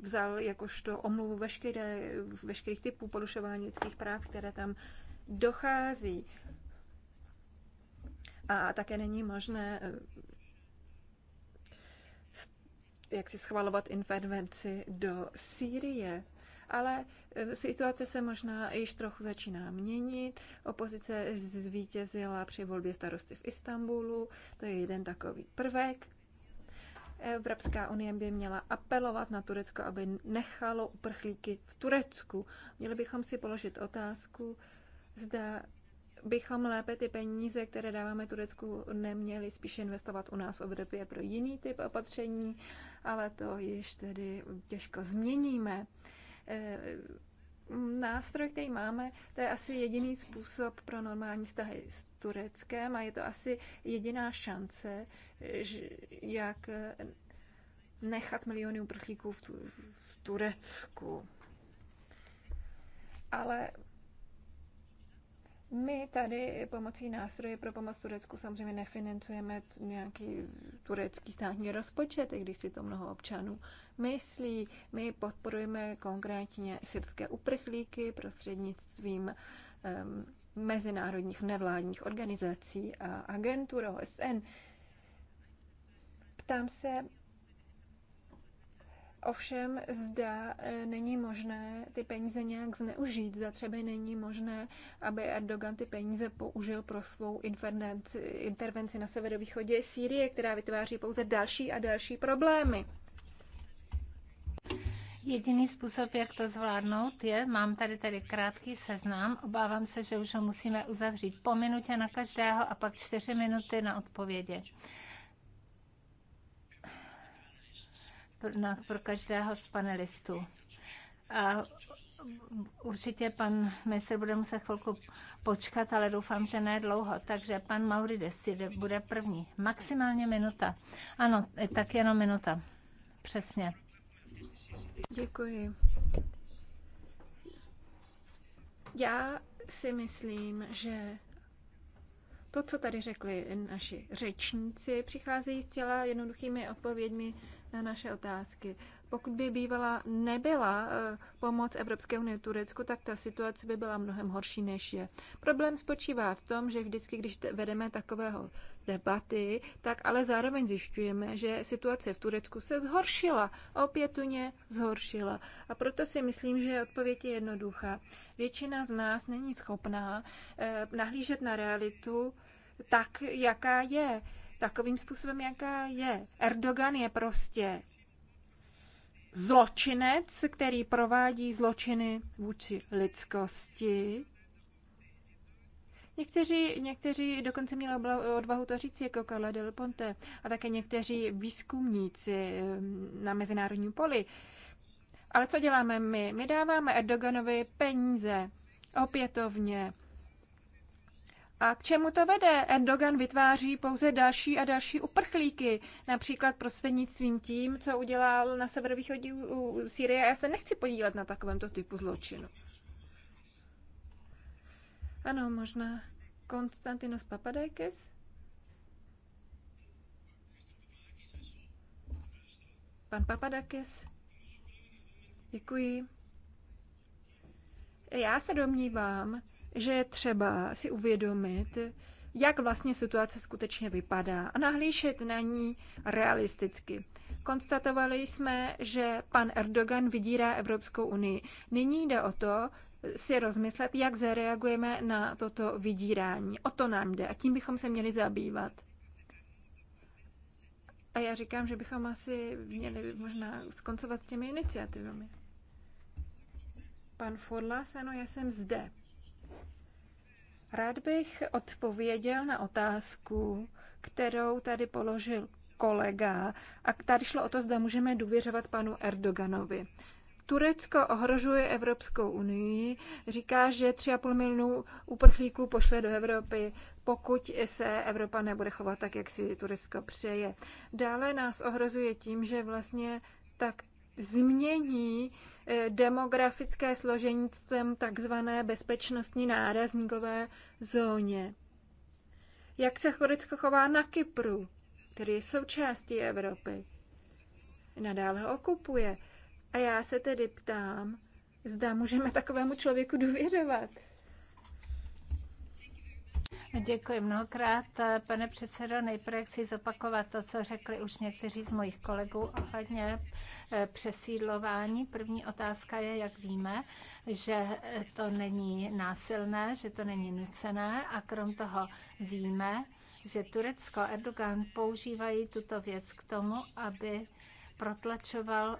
vzal jakožto omluvu veškeré, veškerých typů porušování lidských práv, které tam dochází. A také není možné eh, jak si schvalovat intervenci do Sýrie. Ale eh, situace se možná již trochu začíná měnit. Opozice zvítězila při volbě starosty v Istanbulu. To je jeden takový prvek. Evropská unie by měla apelovat na Turecko, aby nechalo uprchlíky v Turecku. Měli bychom si položit otázku, zda bychom lépe ty peníze, které dáváme Turecku, neměli spíše investovat u nás v Evropě pro jiný typ opatření, ale to již tedy těžko změníme. Eh, nástroj, který máme, to je asi jediný způsob pro normální vztahy s Tureckem a je to asi jediná šance, jak nechat miliony uprchlíků v Turecku. Ale my tady pomocí nástroje pro pomoc Turecku samozřejmě nefinancujeme nějaký turecký státní rozpočet, i když si to mnoho občanů myslí. My podporujeme konkrétně syrské uprchlíky prostřednictvím um, mezinárodních nevládních organizací a agentur OSN. Ptám se, Ovšem zda e, není možné ty peníze nějak zneužít, zda třeba není možné, aby Erdogan ty peníze použil pro svou intervenci na severovýchodě Sýrie, která vytváří pouze další a další problémy. Jediný způsob, jak to zvládnout, je, mám tady tady krátký seznam, obávám se, že už ho musíme uzavřít po minutě na každého a pak čtyři minuty na odpovědi. pro každého z panelistů. A určitě pan ministr bude muset chvilku počkat, ale doufám, že ne dlouho. Takže pan Maurides bude první. Maximálně minuta. Ano, eh, tak jenom minuta. Přesně. Děkuji. Já si myslím, že to, co tady řekli naši řečníci, přicházejí s těla jednoduchými odpověďmi na naše otázky. Pokud by bývala nebyla eh, pomoc Evropské unie Turecku, tak ta situace by byla mnohem horší, než je. Problém spočívá v tom, že vždycky, když vedeme takového debaty, tak ale zároveň zjišťujeme, že situace v Turecku se zhoršila, opětuně zhoršila. A proto si myslím, že odpověď je jednoduchá. Většina z nás není schopná eh, nahlížet na realitu tak, jaká je. Eh, takovým způsobem, jaká je. Erdogan je prostě zločinec, který provádí zločiny vůči lidskosti. Někteří, někteří dokonce měli odvahu to říct, jako Carla del Ponte, a také někteří výzkumníci ehm, na mezinárodním poli. Ale co děláme my? My dáváme Erdoganovi peníze opětovně a k čemu to vede? Erdogan vytváří pouze další a další uprchlíky, například prostřednictvím tím, co udělal na severovýchodě Syrie. Já se nechci podílet na takovémto typu zločinu. Ano, možná Konstantinos Papadakis? Pan Papadakis? Děkuji. Já se domnívám, že je třeba si uvědomit, jak vlastně situace skutečně vypadá a nahlíšet na ní realisticky. Konstatovali jsme, že pan Erdogan vydírá Evropskou unii. Nyní jde o to, si rozmyslet, jak zareagujeme na toto vydírání. O to nám jde a tím bychom se měli zabývat. A já říkám, že bychom asi měli možná skoncovat s těmi iniciativami. Pan Forlas, ano, já jsem zde. Rád bych odpověděl na otázku, kterou tady položil kolega a tady šlo o to, zda můžeme důvěřovat panu Erdoganovi. Turecko ohrožuje Evropskou unii, říká, že 3,5 milionu uprchlíků pošle do Evropy, pokud se Evropa nebude chovat tak, jak si Turecko přeje. Dále nás ohrozuje tím, že vlastně tak změní eh, demografické složení v tom takzvané bezpečnostní nárazníkové zóně. Jak se Chorvatsko chová na Kypru, který je součástí Evropy? Nadále ho okupuje. A já se tedy ptám, zda můžeme takovému člověku důvěřovat. Děkuji mnohokrát, pane předsedo. Nejprve chci zopakovat to, co řekli už někteří z mojich kolegů ohledně eh, přesídlování. První otázka je, jak víme, že eh, to není násilné, že to není nucené a krom toho víme, že Turecko a Erdogan používají tuto věc k tomu, aby protlačoval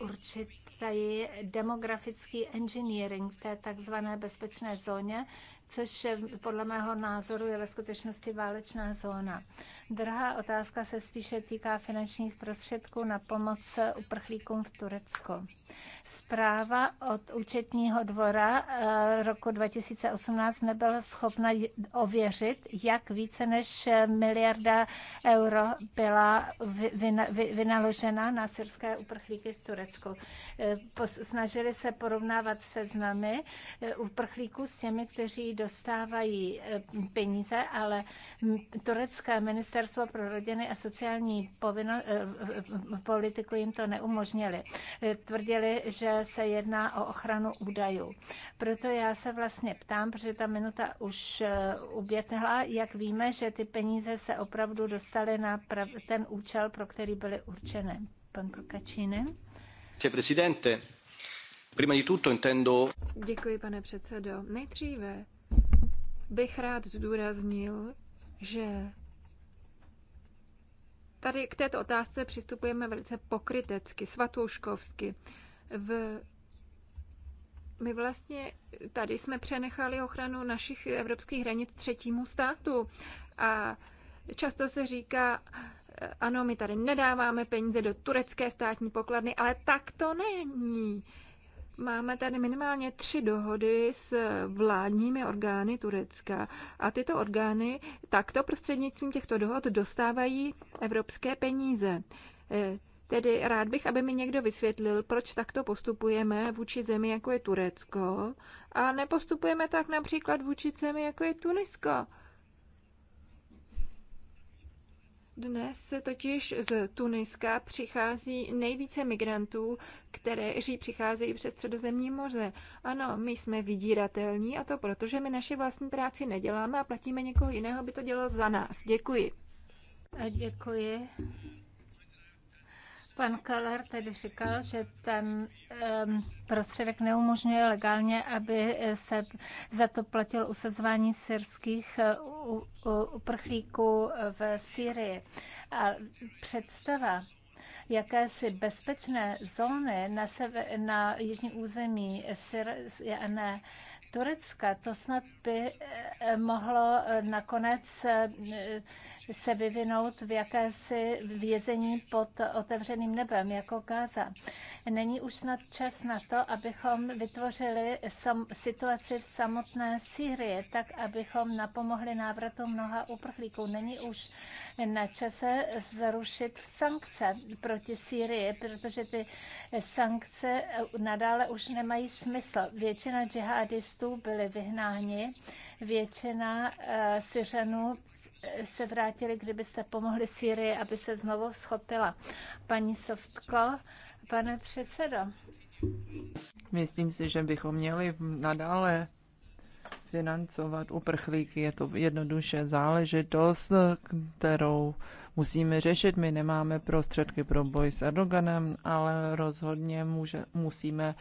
určitý demografický engineering v té takzvané bezpečné zóně, což podle mého názoru je ve skutečnosti válečná zóna. Druhá otázka se spíše týká finančních prostředků na pomoc uprchlíkům v Turecku. Zpráva od účetního dvora eh, roku 2018 nebyla schopna ověřit, jak více než miliarda euro byla vynaložena na syrské uprchlíky v Turecku. Eh, snažili se porovnávat seznamy eh, uprchlíků s těmi, kteří do dostávají eh, peníze, ale turecké ministerstvo pro rodiny a sociální povinno, eh, eh, politiku jim to neumožnili. Tvrdili, že se jedná o ochranu údajů. Proto já se vlastně ptám, protože ta minuta už uběhla, jak víme, že ty peníze se opravdu dostaly na ten účel, pro který byly určené. Pan Prokačíny. Děkuji, pane předsedo. Nejdříve bych rád zdůraznil, že tady k této otázce přistupujeme velice pokrytecky, svatouškovsky. V my vlastně tady jsme přenechali ochranu našich evropských hranic třetímu státu a často se říká, ano, my tady nedáváme peníze do turecké státní pokladny, ale tak to není. Máme tady minimálně tři dohody s vládními orgány Turecka a tyto orgány takto prostřednictvím těchto dohod dostávají evropské peníze. E, tedy rád bych, aby mi někdo vysvětlil, proč takto postupujeme vůči zemi, jako je Turecko, a nepostupujeme tak například vůči zemi, jako je Tunisko. Dnes totiž z Tuniska přichází nejvíce migrantů, kteří přicházejí přes středozemní moře. Ano, my jsme vydíratelní a to proto, že my naše vlastní práci neděláme a platíme někoho jiného, aby to dělal za nás. Děkuji. A děkuji. Pan Keller tedy říkal, že ten prostředek neumožňuje legálně, aby se za to platilo usazování syrských eh, uprchlíků v Syrii. A představa jakési bezpečné zóny na, sebe, na jižní území Syrie, Turecka, to snad by eh, mohlo eh, nakonec se vyvinout v jakési vězení pod otevřeným nebem, jako Gáza. Není už snad čas na to, abychom vytvořili sam- situaci v samotné Sýrii, tak abychom napomohli návratu mnoha uprchlíků. Není už na čase zrušit sankce proti Sýrii, protože ty sankce nadále už nemají smysl. Většina džihadistů byly vyhnáni, většina uh, Syřanů se vrátili, kdybyste pomohli Syrii, aby se znovu schopila. Paní Softko, pane předsedo. Myslím si, že bychom měli nadále financovat uprchlíky. Je to jednoduše záležitost, kterou musíme řešit. My nemáme prostředky pro boj s Erdoganem, ale rozhodně může, musíme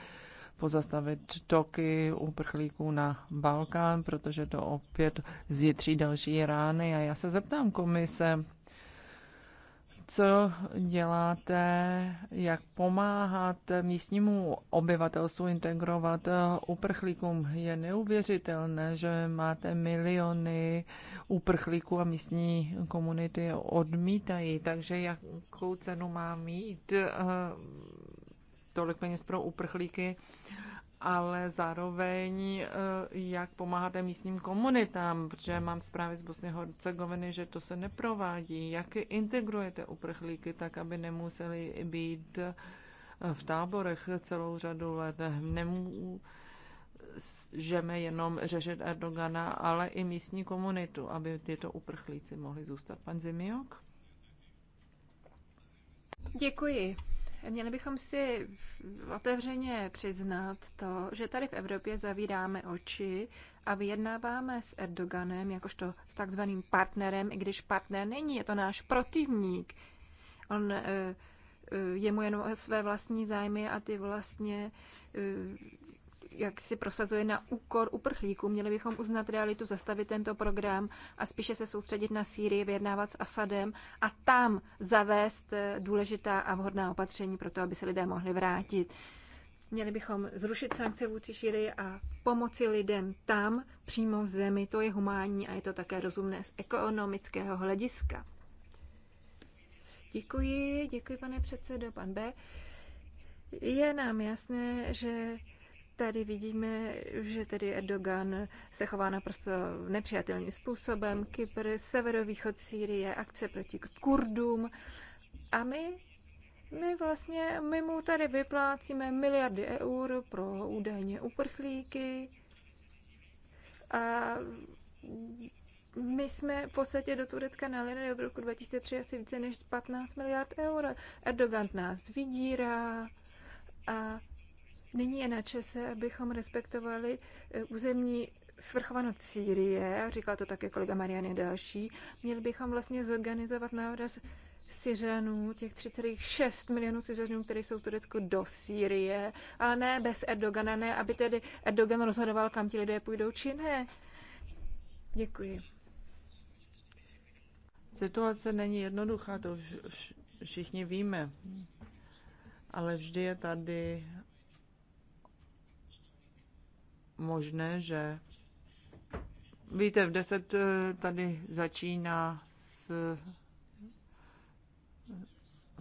pozastavit toky uprchlíků na Balkán, protože to opět zjitří další rány. A já se zeptám komise, co děláte, jak pomáhat místnímu obyvatelstvu integrovat uprchlíkům. Je neuvěřitelné, že máte miliony uprchlíků a místní komunity odmítají. Takže jakou cenu má mít eh, tolik peněz pro uprchlíky, ale zároveň eh, jak pomáháte místním komunitám, protože mám zprávy z Bosny Hercegoviny, že to se neprovádí. Jak integrujete uprchlíky tak, aby nemuseli být eh, v táborech celou řadu let? Nemů žeme jenom řešit Erdogana, ale i místní komunitu, aby tyto uprchlíci mohli zůstat. Pan Zimiok? Děkuji. Měli bychom si otevřeně přiznat to, že tady v Evropě zavíráme oči a vyjednáváme s Erdoganem jakožto s takzvaným partnerem, i když partner není, je to náš protivník. On eh, eh, je mu jenom své vlastní zájmy a ty vlastně eh, jak si prosazuje na úkor uprchlíků. Měli bychom uznat realitu, zastavit tento program a spíše se soustředit na Sýrii, vyjednávat s Asadem a tam zavést eh, důležitá a vhodná opatření pro to, aby se lidé mohli vrátit. Měli bychom zrušit sankce vůči šíry a pomoci lidem tam, přímo v zemi. To je humánní a je to také rozumné z ekonomického hlediska. Děkuji, děkuji pane předsedo, pan B. Je nám jasné, že tady vidíme, že tedy Erdogan se chová naprosto nepřijatelným způsobem. Kypr, severovýchod Sýrie, akce proti Kurdům. A my, my vlastně, my mu tady vyplácíme miliardy eur pro údajně uprchlíky. A my jsme v podstatě do Turecka nalili od roku 2003 asi více než 15 miliard eur. Erdogan nás vydírá a Nyní je na čase, abychom respektovali eh, územní svrchovanost Sýrie, říkal to také kolega Mariany další, měli bychom vlastně zorganizovat návraz Syřanů, těch 3,6 milionů Syřanů, které jsou v Turecku do Sýrie, ale ne bez Erdogana, ne aby tedy Erdogan rozhodoval, kam ti lidé půjdou, či ne. Děkuji. Situace není jednoduchá, to všichni víme, ale vždy je tady možné, že víte, v 10 eh, tady začíná s eh,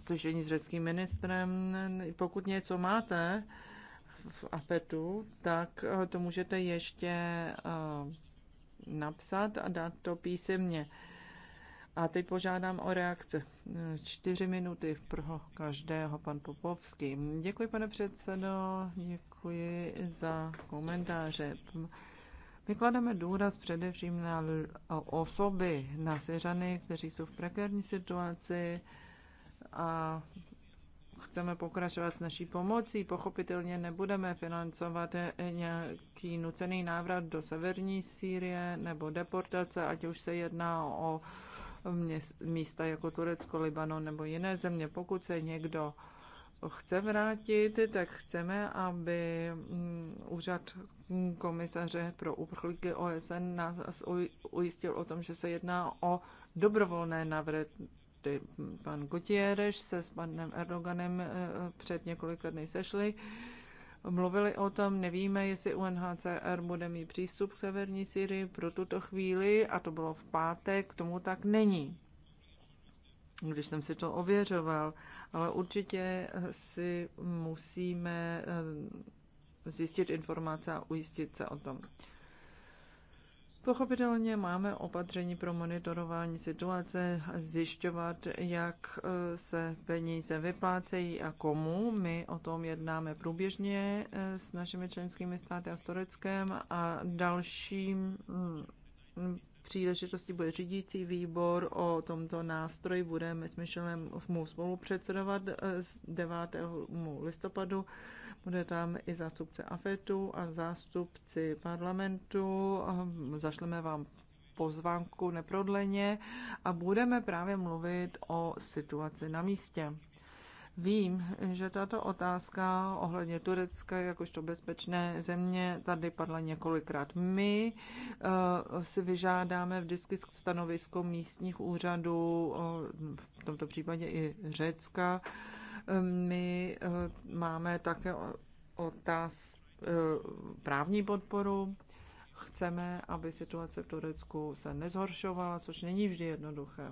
slyšení s řeckým ministrem. Pokud něco máte v APETu, tak eh, to můžete ještě napsat a dát to písemně. A teď požádám o reakce. Čtyři minuty pro každého, pan Popovský. Děkuji, pane předsedo, děkuji děkuji za komentáře. My klademe důraz především na osoby, na Syřany, kteří jsou v prekérní situaci a chceme pokračovat s naší pomocí. Pochopitelně nebudeme financovat nějaký nucený návrat do severní Sýrie nebo deportace, ať už se jedná o města jako Turecko, Libanon nebo jiné země. Pokud se někdo uh, chce vrátit, tak chceme, aby mm, úřad komisaře pro uprchlíky OSN nás ujistil o tom, že se jedná o dobrovolné navraty. Pan Gutierrez se s panem Erdoganem eh, před několika dny sešli. Mluvili o tom, nevíme, jestli UNHCR bude mít přístup k severní Syrii pro tuto chvíli, a to bylo v pátek, K tomu tak není když jsem si to ověřoval, ale určitě si musíme eh, zjistit informace a ujistit se o tom. Pochopitelně máme opatření pro monitorování situace, zjišťovat, jak eh, se peníze vyplácejí a komu. My o tom jednáme průběžně eh, s našimi členskými státy a s Tureckem a dalším mm, příležitosti bude řídící výbor o tomto nástroji. Budeme s Michelem mu spolupředsedovat eh, z 9. listopadu. Bude tam i zástupce AFETu a zástupci parlamentu. Eh, zašleme vám pozvánku neprodleně a budeme právě mluvit o situaci na místě. Vím, že tato otázka ohledně Turecka jakožto bezpečné země tady padla několikrát. My eh, si vyžádáme vždycky stanovisko místních úřadů, eh, v tomto případě i Řecka. Eh, my máme také otáz právní podporu. Chceme, aby situace v Turecku se nezhoršovala, což není vždy jednoduché.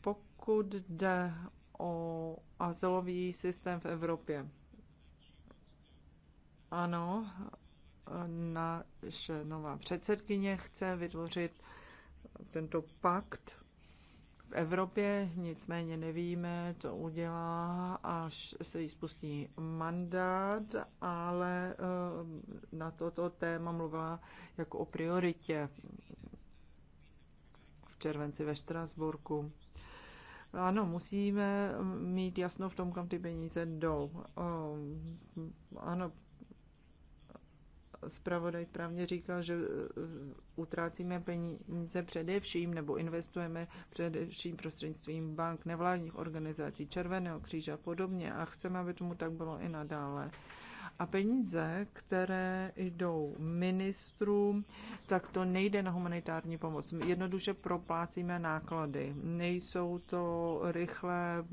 Pokud jde o azylový systém v Evropě. Ano, naše nová předsedkyně chce vytvořit tento pakt v Evropě, nicméně nevíme, co udělá, až se jí spustí mandát, ale eh, na toto téma mluvila jako o prioritě v červenci ve Štrasburku. Ano, musíme mít jasno v tom, kam ty peníze jdou. Ehm, ano, zpravodaj správně říkal, že e, utrácíme peníze především nebo investujeme především prostřednictvím bank, nevládních organizací, Červeného kříže a podobně a chceme, aby tomu tak bylo i nadále. A peníze, které jdou ministrům, tak to nejde na humanitární pomoc. My jednoduše proplácíme náklady. Nejsou to rychlé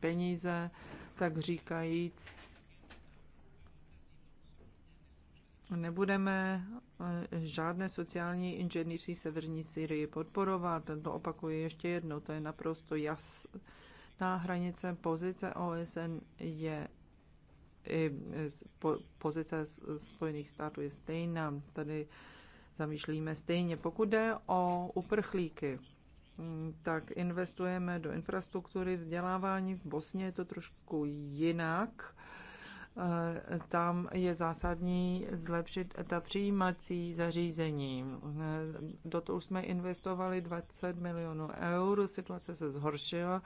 peníze, tak říkajíc. Nebudeme eh, žádné sociální inženýrství Severní Syrii podporovat. To opakuji ještě jednou, to je naprosto jasná hranice. Pozice OSN je pozice Spojených států je stejná. Tady zamýšlíme stejně. Pokud jde o uprchlíky, mm, tak investujeme do infrastruktury vzdělávání. V Bosně je to trošku jinak. Eh, tam je zásadní zlepšit ta přijímací zařízení. Eh, do toho jsme investovali 20 milionů eur, situace se zhoršila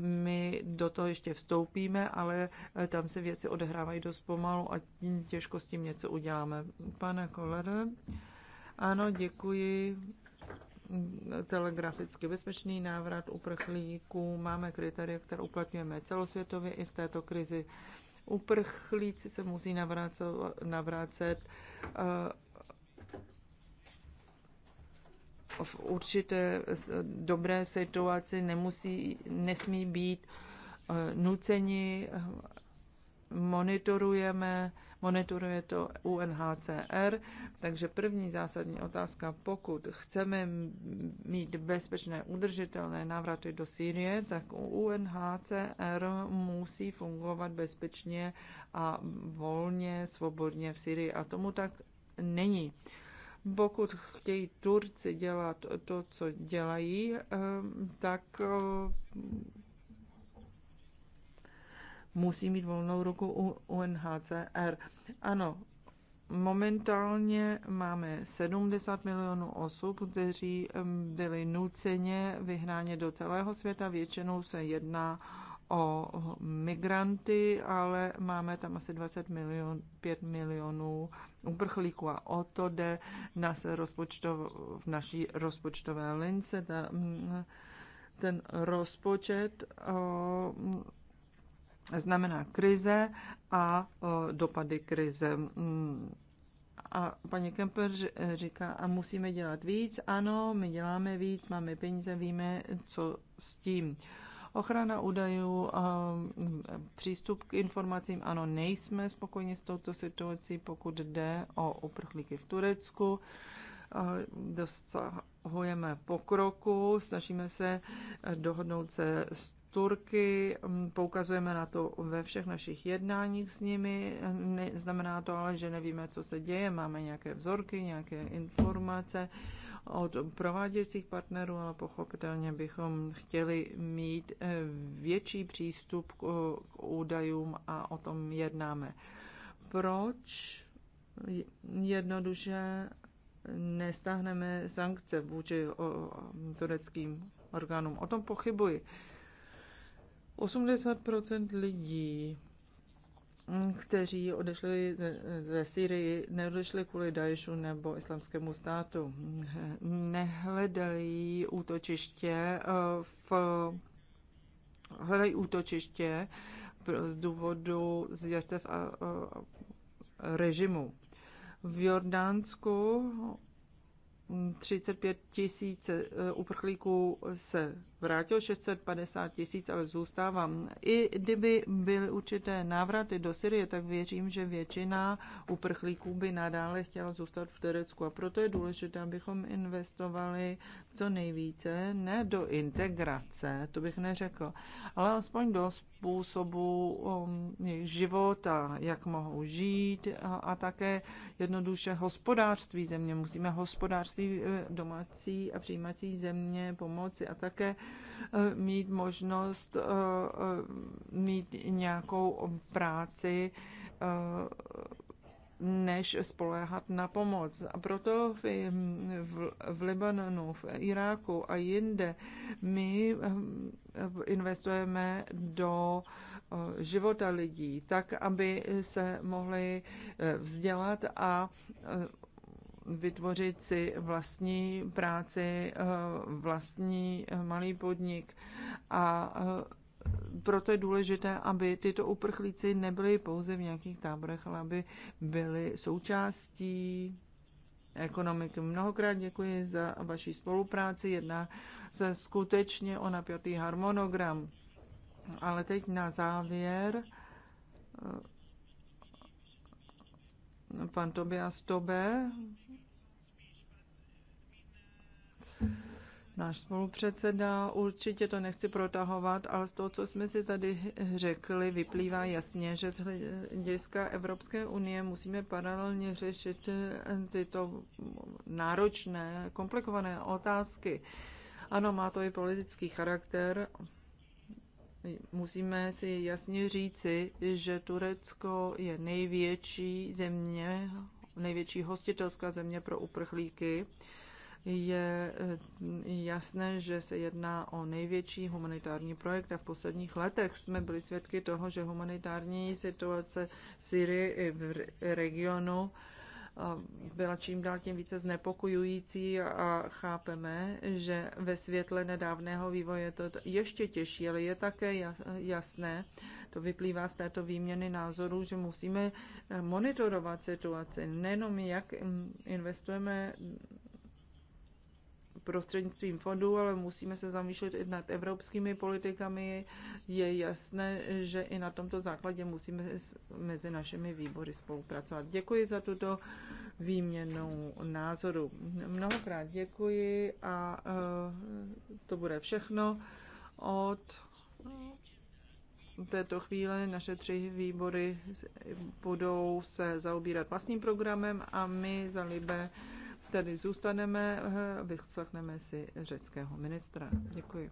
my do toho ještě vstoupíme, ale eh, tam se věci odehrávají dost pomalu a těžko s tím něco uděláme. Pane Kolere, ano, děkuji telegraficky bezpečný návrat uprchlíků. Máme kritéria, které uplatňujeme celosvětově i v této krizi. Uprchlíci se musí navrácet, navrácet eh, v určité dobré situaci nemusí, nesmí být eh, nuceni. Eh, monitorujeme, monitoruje to UNHCR, takže první zásadní otázka, pokud chceme mít bezpečné, udržitelné návraty do Sýrie, tak UNHCR musí fungovat bezpečně a volně, svobodně v Syrii a tomu tak není. Pokud chtějí Turci dělat to, co dělají, ehm, tak ehm, musí mít volnou ruku u UNHCR. Ano, momentálně máme 70 milionů osob, kteří ehm, byli nuceně vyhnáni do celého světa. Většinou se jedná o migranty, ale máme tam asi 20 milion, 5 milionů uprchlíků a o to jde nás rozpočtov, v naší rozpočtové lince. Ta, mm, ten rozpočet o, mm, znamená krize a o, dopady krize. Mm, a paní Kemper říká, a musíme dělat víc. Ano, my děláme víc, máme peníze, víme, co s tím. Uh, Ochrana údajů, eh, přístup k informacím, ano, nejsme spokojeni s touto situací, pokud jde o uprchlíky v Turecku eh, dosahujeme pokroku, snažíme se eh, dohodnout se s Turky, mm, poukazujeme na to ve všech našich jednáních s nimi. Znamená to ale, že nevíme, co se děje, máme nějaké vzorky, nějaké informace od prováděcích partnerů, ale pochopitelně bychom chtěli mít eh, větší přístup k údajům a o tom jednáme. Proč jednoduše nestáhneme sankce vůči tureckým orgánům? O tom pochybuji. 80 lidí kteří odešli ze Syrii, neodešli kvůli Daješu nebo islamskému státu. Nehledají útočiště eh, v hledají útočiště z důvodu zjatev a, a, režimu. V Jordánsku 35 tisíc eh, uprchlíků se vrátilo, 650 tisíc ale zůstává. I kdyby byly určité návraty do Syrie, tak věřím, že většina uprchlíků by nadále chtěla zůstat v Turecku. A proto je důležité, abychom investovali co nejvíce, ne do integrace, to bych neřekl, ale aspoň do způsobu um, života, jak mohou žít a, a také jednoduše hospodářství země. Musíme hospodářství eh, domácí a přijímací země pomoci a také uh, mít možnost uh, uh, mít nějakou práci uh, než spoléhat na pomoc. A proto v, v, v Libanonu, v Iráku a jinde my hm, investujeme do eh, života lidí, tak, aby se mohli eh, vzdělat a eh, vytvořit si vlastní práci, vlastní malý podnik. A proto je důležité, aby tyto uprchlíci nebyli pouze v nějakých táborech, ale aby byli součástí ekonomiky. Mnohokrát děkuji za vaši spolupráci. Jedná se skutečně o napjatý harmonogram. Ale teď na závěr eh, pan Tobias Tobe náš spolupředseda. Určitě to nechci protahovat, ale z toho, co jsme si tady řekli, vyplývá jasně, že z hlediska Evropské unie musíme paralelně řešit tyto náročné, komplikované otázky. Ano, má to i politický charakter. Musíme si jasně říci, že Turecko je největší země, největší hostitelská země pro uprchlíky je eh, jasné, že se jedná o největší humanitární projekt a v posledních letech jsme byli svědky toho, že humanitární situace v Syrii i v regionu eh, byla čím dál tím více znepokojující a chápeme, že ve světle nedávného vývoje je to ještě těžší, ale je také jasné, to vyplývá z této výměny názorů, že musíme eh, monitorovat situaci, nejenom jak mm, investujeme prostřednictvím fondů, ale musíme se zamýšlet i nad evropskými politikami. Je jasné, že i na tomto základě musíme mezi našimi výbory spolupracovat. Děkuji za tuto výměnu názoru. Mnohokrát děkuji a eh, to bude všechno od této chvíle naše tři výbory budou se zaobírat vlastním programem a my za Libe tedy zůstaneme, eh, vyslechneme si řeckého ministra. Děkuji.